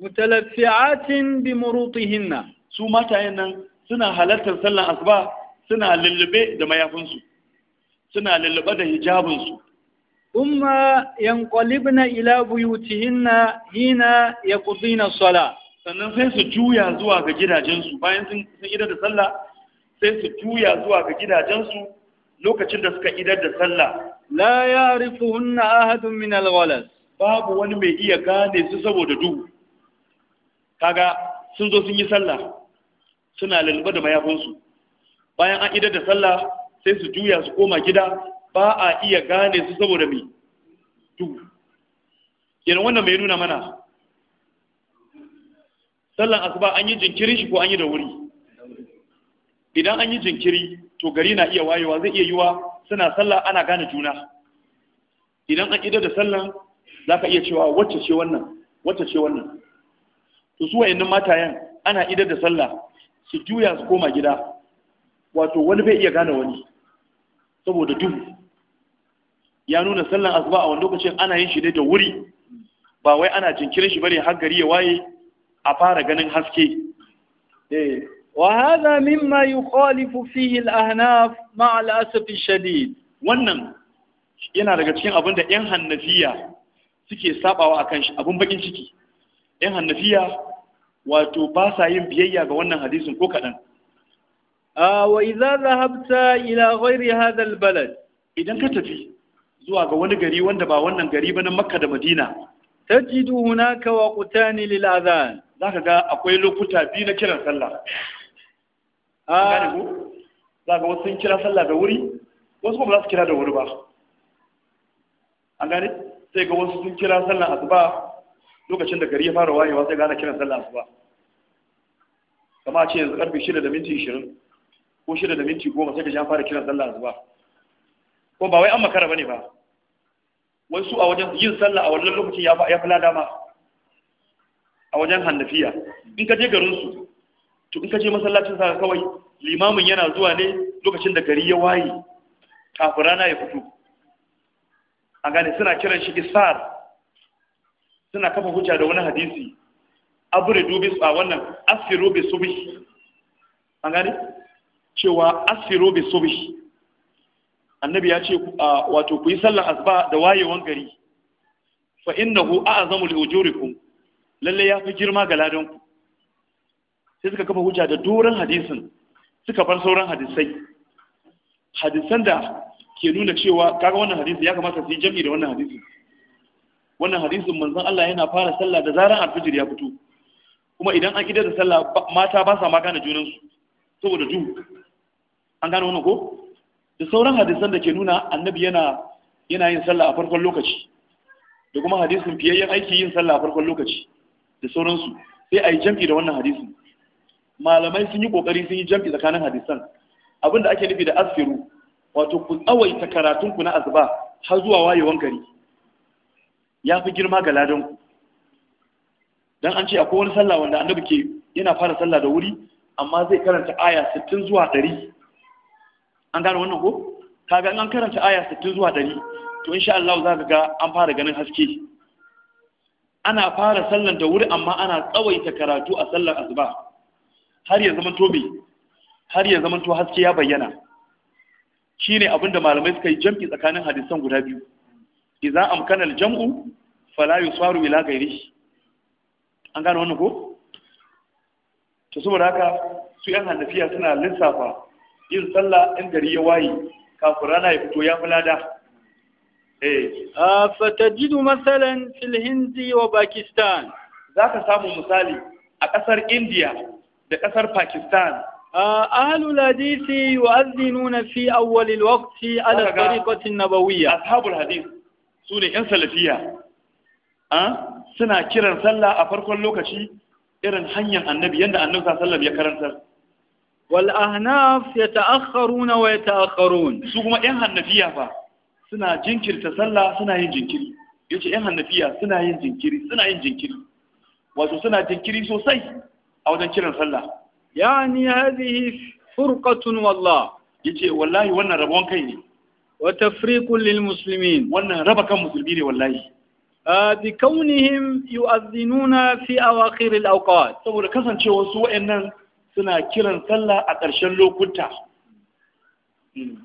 mutalaffi'atin bi murutihinna su matayen nan suna halartar sallan asuba suna lullube da mayafinsu suna lullube da hijabinsu ثم ينقلبن إلى بيوتهن حين يقضين الصلاة sannan sai su juya zuwa ga gidajensu bayan sun idar da sallah sai su juya zuwa ga gidajensu lokacin da suka idar da sallah la hunna ahadun min al babu wani mai iya gane su saboda duhu kaga sun zo sun yi sallah suna lalba da mayafinsu bayan an idar da sallah sai su juya su koma gida ba a iya gane su saboda mai duhu yana wannan mai nuna mana sallan asuba an yi jinkirin shi ko an yi da wuri idan an yi jinkiri to gari na iya wayewa zai iya yiwa suna sallah ana gane juna idan an idar da sallan za ka iya cewa wacce ce wannan wacce ce wannan to su wayannan matayen ana idar da sallah su juya su koma gida wato wani bai iya gane wani saboda duhu ya nuna sallan asuba a wani lokacin ana yin shi ne da wuri ba wai ana jinkirin shi bane har gari ya waye a fara ganin haske eh, wa hadha mimma yukhalifu fihi al-ahnaf ma'a al-asaf shadid wannan yana daga cikin abin da yan hannafiya suke sabawa akan shi abin bakin ciki yan hannafiya wato ba sa yin biyayya ga wannan hadisin ko kadan ah, wa idza dhahabta ila ghairi hadha al-balad idan ka tafi zuwa ga wani gari wanda ba wannan gari ba na makka da madina tajidu hunaka qutani lil adhan zaka ga akwai lokuta biyu na kiran sallah ah zaka wasu sun kira sallah da wuri wasu ba za su kira da wuri ba an gane sai ga wasu sun kira sallah asuba lokacin da gari ya fara wayewa sai ga ana kiran sallah asuba a ce yanzu karfe 6 da minti 20 ko 6 da minti 10 sai ka an fara kiran sallah asuba ko ba wai an makara bane ba wai su a wajen yin sallah a wannan lokacin ya ya fala dama a wajen hannafiya in ka je garin su to in ka je masallacin sa kawai limamin yana zuwa ne lokacin da gari ya waye kafin rana ya fito a gane suna kiran shi isar suna kafa hujja da wani hadisi abure dubi a wannan asiro bi subhi an gane cewa asiro bi subhi annabi ya ce ah, wato ku yi sallar asuba da wayewan gari fa innahu a'zamu li ujurikum lalle ya fi girma ga ladan ku sai suka kafa hujja da doran hadisin suka bar sauran hadisai hadisan da ke nuna cewa kaga wannan hadisi ya kamata su yi jami da wannan hadisi wannan hadisin manzon Allah yana fara sallah da zaran alfijir ya fito kuma idan an idar da sallah mata ba sa ma gane junansu saboda duhu an gane wannan ko da sauran hadisan da ke nuna annabi yana yana yin sallah a farkon lokaci da kuma hadisin fiyayyen aiki yin sallah a farkon lokaci da sauransu sai a yi jam'i da wannan hadisin malamai sun yi kokari sun yi jam'i tsakanin hadisan abinda ake nufi da asfiru wato ku tsawaita karatun ku na asuba har zuwa wayewan gari ya fi girma ga ladan ku dan an ce akwai wani sallah wanda annabi ke yana fara sallah da wuri amma zai karanta aya 60 zuwa 100 an gane wannan ko kaga an karanta aya 60 zuwa 100 to insha Allah za ka ga an fara ganin haske ana fara sallan da wuri amma ana tsawaita karatu a sallar asuba har ya zama to me har ya zama to haske ya bayyana shine abinda malamai suka yi jam'i tsakanin hadisan guda biyu idza amkana al-jam'u fala yusaru ila ghairi an gane wannan ko to saboda haka su yan hanafiya suna lissafa yin sallah in gari ya waye kafin rana ya fito ya fi lada eh. fatajidu masalan fil wa pakistan za ka samu misali a ƙasar Indiya da ƙasar pakistan ahlul hadisi yu'adhdhinuna fi awwal al-waqti ala tariqati an-nabawiyya ashabul hadith sune yan salafiya suna kiran sallah a farkon lokaci irin hanyar annabi yadda annabi sallallahu ya karantar wal ahnaf yata'akhkharuna wa yata'akhkharun su kuma ɗan hannafiya fa suna jinkirta sallah suna yin jinkiri yace ɗan hannafiya suna yin jinkiri suna yin jinkiri wato suna jinkiri sosai a wajen kiran sallah yani hadhihi furqatun wallah yace wallahi wannan rabon kai ne wa tafriqun lil wannan raba kan musulmi ne wallahi fi awakhir al saboda kasancewa su wayannan suna kiran sallah a ƙarshen lokuta hmm.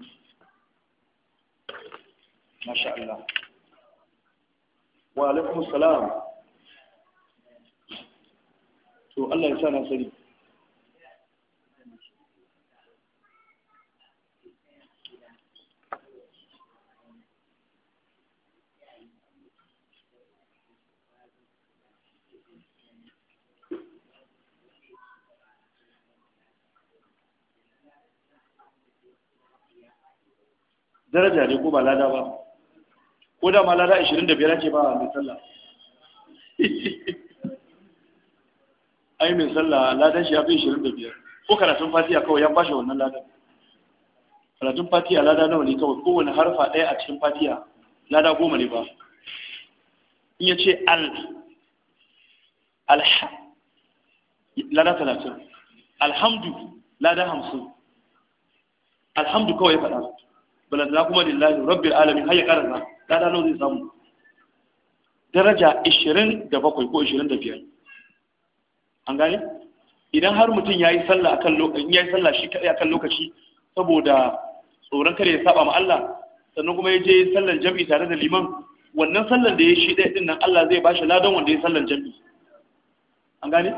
masha Allah wa alaikun salam to Allah ya sa na sani daraja ne ko ba lada ba ko da ma lada 25 ake ba a mai sallah ai mai sallah ladan shi ya fi 25 ko karatun fatiya kawai ya bashi wannan ladan karatun fatiya lada nawa ne kawai wani harfa ɗaya a cikin fatiya? lada goma ne ba in ya ce al alha lada talatin alhamdu lada hamsin alhamdu kawai faɗa balantana kuma lillahi rabbil alamin har ya da da nawa zai samu daraja 27 ko 25 an gane idan har mutum ya yi sallah akan lokaci yayi sallah shi kadai akan lokaci saboda tsoron kare ya saba ma Allah sannan kuma ya je sallan jami'i tare da liman wannan sallan da ya shi ɗaya ɗin nan Allah zai bashi ladan wanda ya sallan jami'i an gane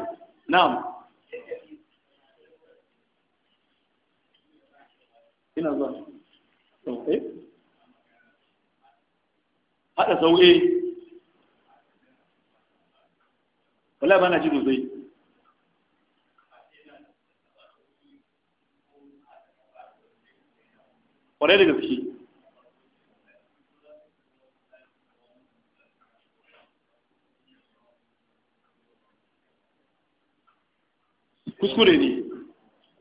na'am ina zuwa haɗa sau'e wala ba na ji dozai Kwarai da gaske kuskure ne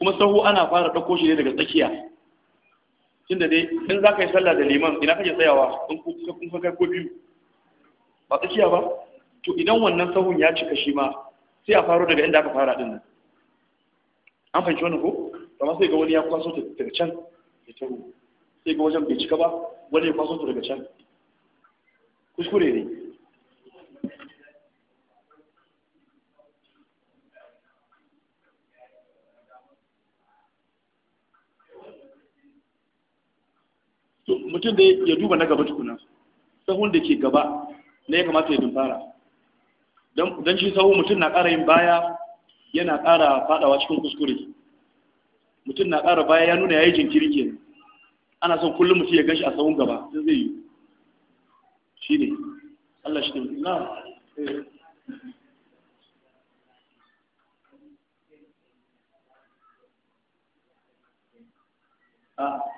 kuma sahu ana fara ɗauko shi ne daga tsakiya tun da dai in za ka yi sallah da liman ina kake tsayawa in kuka kai ko biyu ba tsakiya ba to idan wannan sahun ya cika shi ma sai a faro daga inda aka fara din nan an fahimci wani ko amma sai ga wani ya kwaso ta daga can ya taro sai ga wajen bai cika ba wani ya kwaso ta daga can kuskure ne mutum da ya duba na gaba tukuna sahun da ke gaba na ya kamata ya dumfara don shi sahun mutum na ƙara yin baya yana ƙara faɗawa cikin kuskure mutum na ƙara baya ya nuna ya yi jinkiri ke ana son kullum mutum ya gashi a sahun gaba sun zai yi shi ne allah shi ne uh -huh.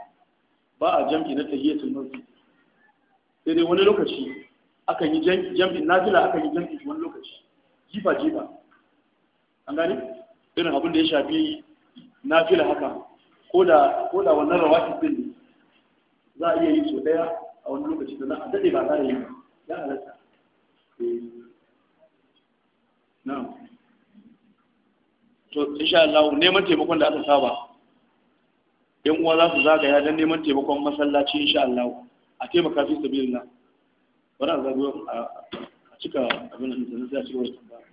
ba a jam'i na tahiyatul masjid sai dai wani lokaci akan yi jam'i nafila akan yi jam'i wani lokaci jifa jifa an gane irin abin da ya shafi nafila haka ko da ko da wannan rawatib din ne za a iya yi so daya a wani lokaci da za a dade ba tare yi ya halatta eh. na'am to insha Allah neman taimakon da aka saba yan uwa za su zagaya don neman taimakon masallaci insha Allah a taimaka fi sabilillah bari a zagayo a cika abin da sai a cika wasu tambaya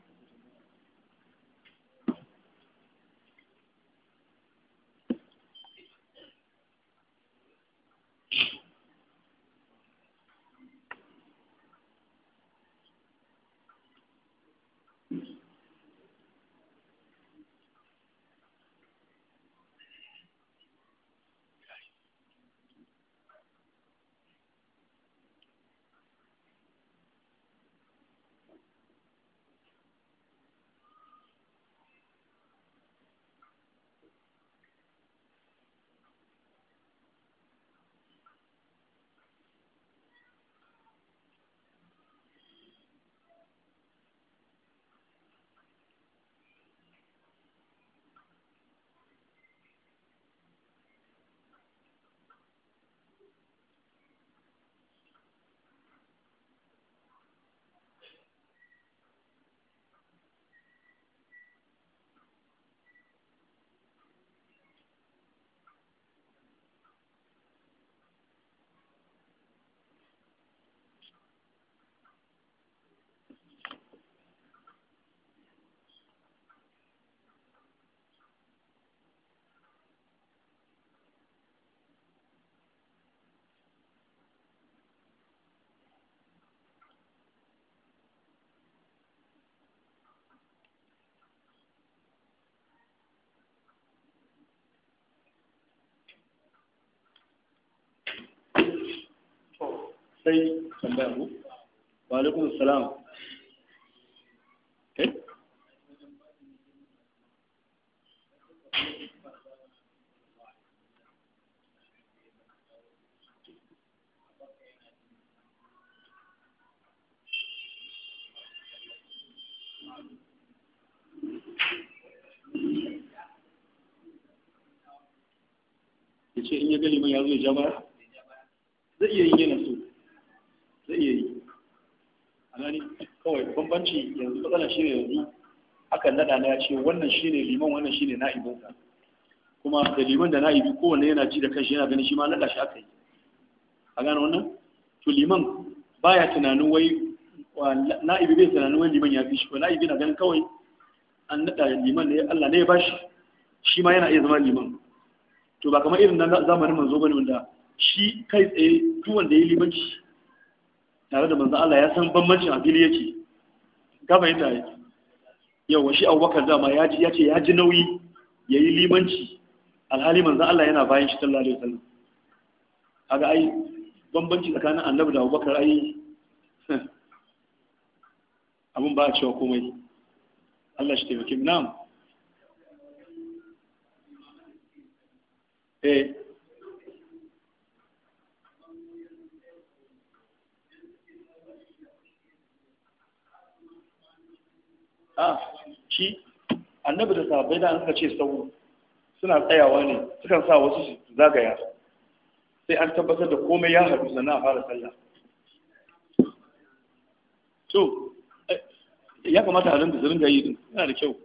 sai tambaya ku wa alaikum salam eh ce in ya ga liman ya zo ya ja baya zai iya yin yana so zai iya yi a gani kawai bambanci yanzu matsalar shi ne yanzu aka nada na ya ce wannan shi ne liman wannan shi ne na'ibinsa kuma da liman da na'ibi kowanne yana ji da kanshi yana ganin shi ma nada shi aka yi a gane wannan to liman baya tunanin wai na'ibi bai tunanin wani liman ya fi shi ko na'ibi na ganin kawai an nada liman ne Allah ne ya bashi shi ma yana iya zama liman to ba kamar irin na zamanin manzo bane wanda shi kai tsaye duk wanda ya yi limanci tare da manzo Allah ya san bambancin a fili yake ka fahimta yau? yawa shi Abubakar dama ya ji ce ya ji nauyi ya yi limanci alhali manzo Allah yana bayan shi sallallahu alaihi wasallam kaga ai bambanci tsakanin Annabi da Abubakar ai abun ba a cewa komai Allah shi taimake mu na'am eh a shi annabi da sahabbai da suka ce sau suna tsayawa ne sukan sa wasu su zagaya sai an tabbatar da komai ya haɗu sannan a fara sallah to eh, ya kamata a rinda zirin gayi din yana da kyau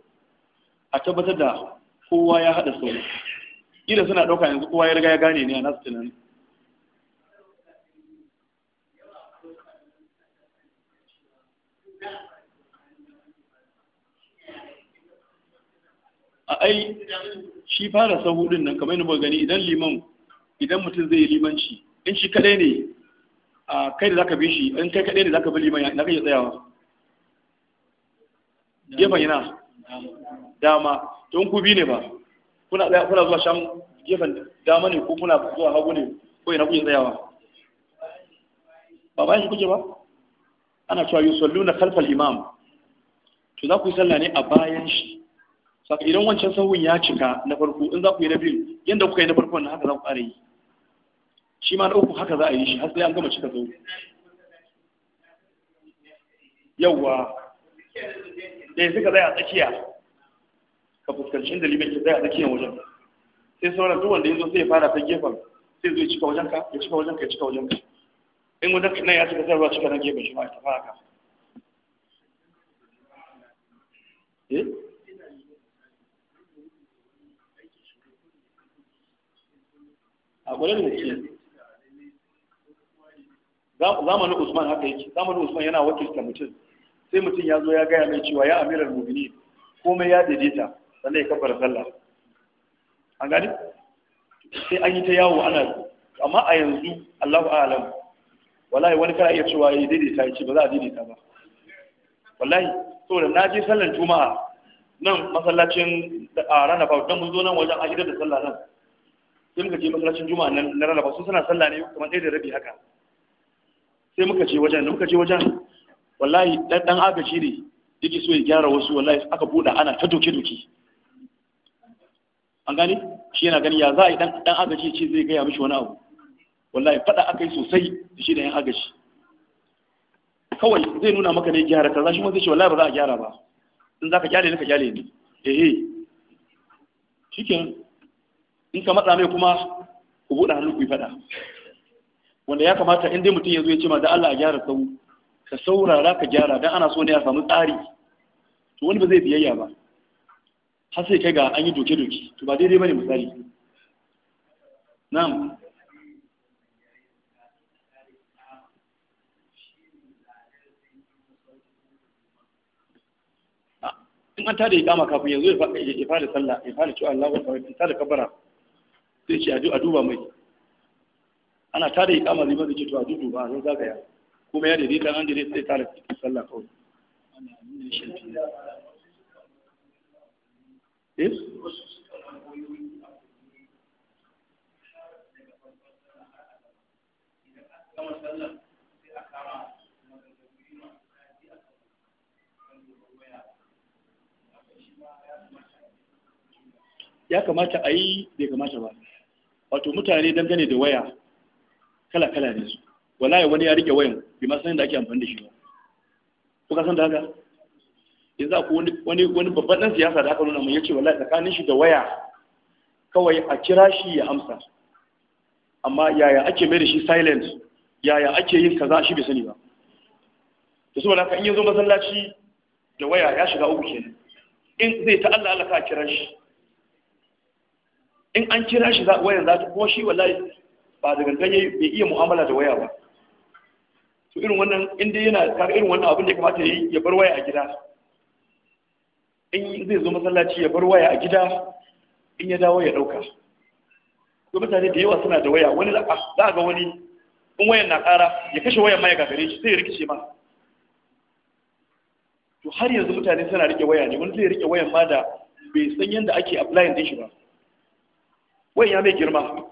a tabbatar da kowa ya haɗa sauri ƙila suna ɗauka yanzu kowa ya riga ya gane ne a nasu tunanin a ai shi fara sahu din nan kamar yadda gani idan liman idan mutum zai yi limanci in shi kadai ne a kai da zaka bi shi in kai kadai ne zaka bi liman na kai tsayawa Gefa yana dama don ku bi ne ba kuna tsaya kuna zuwa sham gefen dama ne ko kuna zuwa hagu ne ko ina kuke tsayawa ba bayan kuke ba ana cewa yusalluna khalfal imam to za ku yi sallah ne a bayan shi saka idan wancan sahun ya cika na farko in za ku yi na biyu yadda kuka yi na farkon haka za ku ƙara yi shi ma na uku haka za a yi shi har sai an gama cika sahu yawwa da eh, ya suka a tsakiya ka fuskanci inda liman ke a tsakiya wajen sai sauran duk wanda ya zo sai ya fara ta gefen sai zai cika wajen ka ya cika wajen ka ya cika wajen ka in wajen ka nan ya cika sarwa cika nan gefen shi ma ya tafi haka eh? a gwalar da shi zamanin usman haka yake zamanin usman yana wakilta mutum sai mutum ya zo ya gaya mai cewa ya amirar mumini komai ya daidaita sannan ya kafara sallah an gani sai an yi ta yawo ana amma a yanzu allahu alam wallahi wani kana iya cewa ya daidaita ya ce ba za a daidaita ba wallahi saboda na je sallar juma'a nan masallacin a ranar fa don mun zo nan wajen a da sallah nan sai muka je masallacin juma'a nan na rarraba su suna sallah ne kamar ɗaya da rabi haka sai muka je wajen da muka je wajen wallahi dan dan agaci ne yake so ya gyara wasu wallahi aka buɗa ana ta doke doke an gani shi yana gani ya za a yi dan dan agaci ce zai gaya mishi wani abu wallahi faɗa aka yi sosai da shi da yan agashi. kawai zai nuna maka ne gyara kaza shi ma zai ce wallahi ba za a gyara ba in za ka gyale ne ka gyale ne eh shikenan in ka matsa mai kuma ku buɗe hannu ku yi faɗa wanda ya kamata in dai mutum ya zo ya ce ma da Allah a gyara sau ka saurara ka gyara dan ana so ne a samu tsari to wani ba zai biyayya ba har sai kai ga an yi doke doki to ba daidai bane misali na'am ah, in an tada ya kama kafin yanzu ya fara sallah ya fara cewa Allah wa ta'ala kabbara sai ce a duba mai ana tada ikama zai mazi ce to a dudu ba zan zagaya kuma ya daidaita an daidaita sai tara cikin sallah kawai eh? ya kamata a yi bai kamata ba wato mutane dangane da waya kala kala ne su wallahi wani ya rike wayan bi ma sanin da ake amfani da shi ba ko ka san da haka yanzu akwai wani wani wani babban dan siyasa da aka nuna mun yace wallahi tsakanin shi da waya kawai a kira shi ya amsa amma yaya ake mai da shi silent yaya ake yin kaza shi bai sani ba to saboda haka in yanzu masallaci da waya ya shiga uku kenan in zai ta Allah Allah ka kira shi in an kira shi wayan za ta kuma shi wallahi ba da gangan bai iya mu'amala da waya ba to irin wannan in dai yana kar irin wannan abin da kamata yi ya bar waya a gida in zai zo masallaci ya bar waya a gida in ya dawo ya dauka to mutane da yawa suna da waya wani za ga wani in wayan na kara ya kashe wayan ma ya gagare shi sai ya rikice ma to har yanzu mutane suna rike waya ne wani zai rike wayan ma da bai san yadda ake applying din shi ba Wai ya mai girma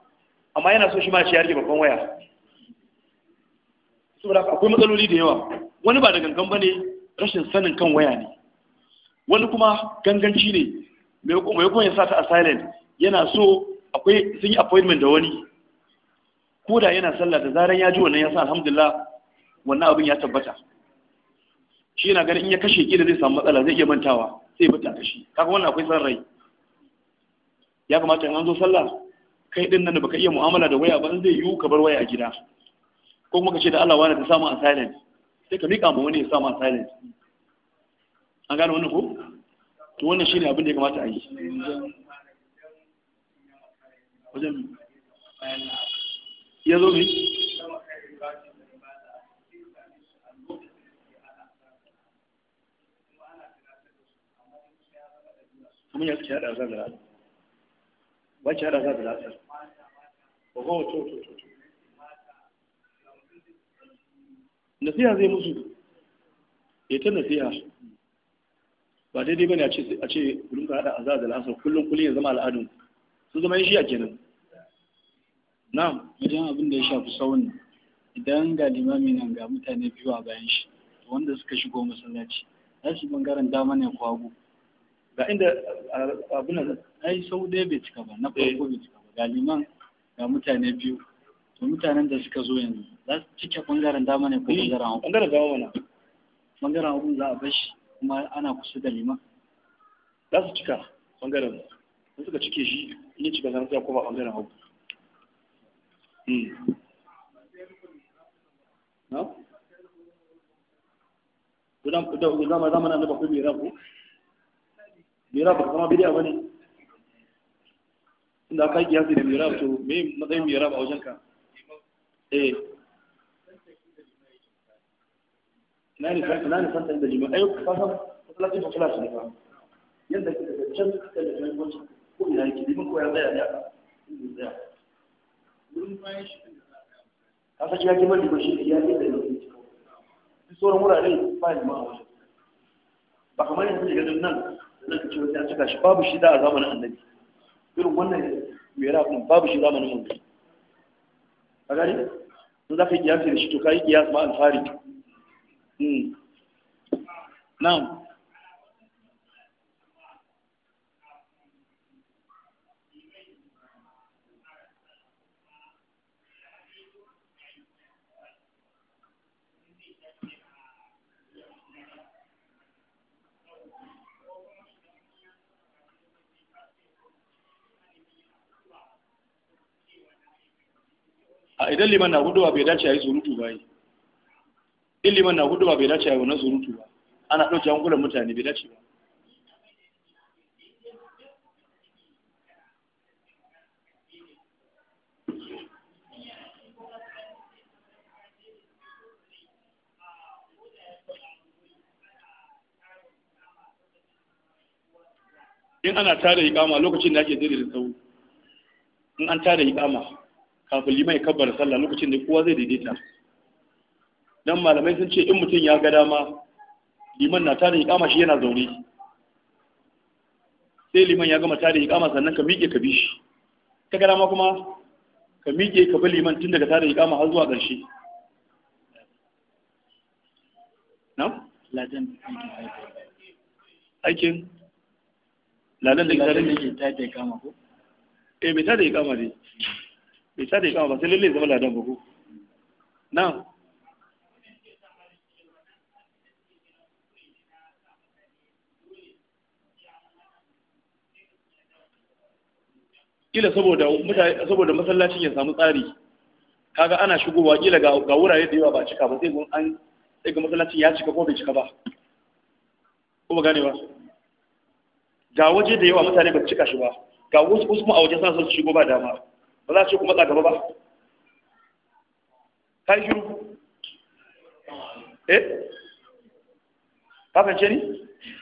amma yana so shi ma shi ya babban waya saboda akwai matsaloli da yawa wani ba da gangan ba ne rashin sanin kan waya ne wani kuma ganganci ne mai kuma ya sa ta a silent yana so akwai sun yi appointment da wani ko da yana sallah da zaran ya ji wannan ya sa alhamdulillah wannan abin ya tabbata shi yana ganin in ya kashe ki zai samu matsala zai iya mantawa sai ya bata kashi kaga wannan akwai san rai ya kamata in an zo sallah kai din nan da baka iya mu'amala da waya ba zai yiwu ka bar waya a gida ko kuma ka ce da Allah wani ta samu a silent sai ka miƙa ma wani ya samu a silent an gane wannan ko to wannan shine abin da ya kamata a yi wajen ya zo ne kuma ya suke a zagara wacce hada za ta lasar ba ko to to to nasiha zai musu ya ta nasiha ba daidai bane a ce a ce kullum ka hada azza da lasar kullum kullum ya zama al'adun su zama shi a kenan na'am wajen abin da ya shafi saunin idan ga limami nan ga mutane biyu a bayan shi wanda suka shigo masallaci za su bangaren dama ne ko hagu ga inda abin da yi sau ɗaya bai cika ba na farko bai cika ba ga liman ga mutane biyu to mutanen da suka zo yanzu za su cike bangaren dama ne ko bangaren hagu bangaren dama mana bangaren hagu za a bar shi kuma ana kusa da liman za su cika bangaren da suka cike shi in ya cika zanen kuma bangaren hagu Gudan zama zama na nufafi mai rabu Mera ba kuma bidiya ne. inda aka yi kiyasi da mira to me matsayin mera ba wajen ka eh na ne na ne san da jima ai ka san masallaci ba kula shi ba yanda kike da can da jami'an wancan ko ina yake dimin ko ya tsaya ne aka tsaya wurin bayan shi ka san ya ke mai ba shi ya ke da sauran wurare ba ma a wajen ba kamar yanzu daga nan nan ka ce wata ya shi babu shi da a zamanin annabi irin wannan babu shi zamanin mun a za ka yi kiyasi da shi to ka yi kiyas ma alfari hmm. na'am a idan liman na hudu bai dace a yi surutu ba yi in liman na hudu bai dace a yi wannan surutu ba ana ɗauke hankulan mutane bai dace ba in ana tada ƙama lokacin da ake zai da tsawo in an tada ƙama. kafin liman ya kabbara sallah lokacin da kowa zai daidaita dan malamai sun ce in mutum ya ga dama liman na tada iqama shi yana zaune sai liman ya gama tada iqama sannan ka miƙe ka bi shi ka ga dama kuma ka miƙe ka bi liman tun daga tada iqama har zuwa ƙarshe na? ladan aikin ladan da ke tada ikama ko? eh bai tada ikama dai bai sha da ikama ba sai lalle zama ladan kila saboda mutane saboda masallacin ya samu tsari kaga ana shigowa kila ga ga wurare da yawa ba cika ba sai gun an sai ga masallacin ya cika ko bai cika ba ko ba gane ba ga waje da yawa mutane ba cika shi ba ga wasu kuma a waje sa son su shigo ba dama ba za su ce kuma matsa gaba ba ka yi shiru eh ka ce ni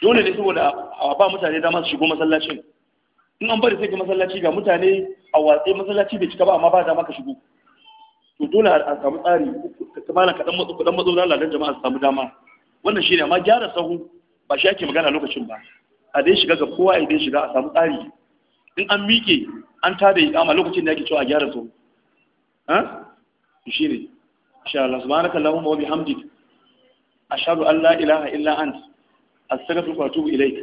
dole ne saboda a ba mutane dama su shigo masallacin in an bari sai ga masallaci ga mutane a watsi masallaci bai cika ba amma ba dama ka shigo to dole a samu tsari kamar kaɗan ka dan matsu da dan jama'a su samu dama wannan shine amma gyara sahu ba shi ake magana lokacin ba a dai shiga ga kowa a dai shiga a samu tsari in an miƙe an tada iqama lokacin da ake cewa a gyara so ha shi ne insha Allah subhanaka allahumma wa bihamdik ashhadu an la ilaha illa anta astaghfiruka wa atubu ilaik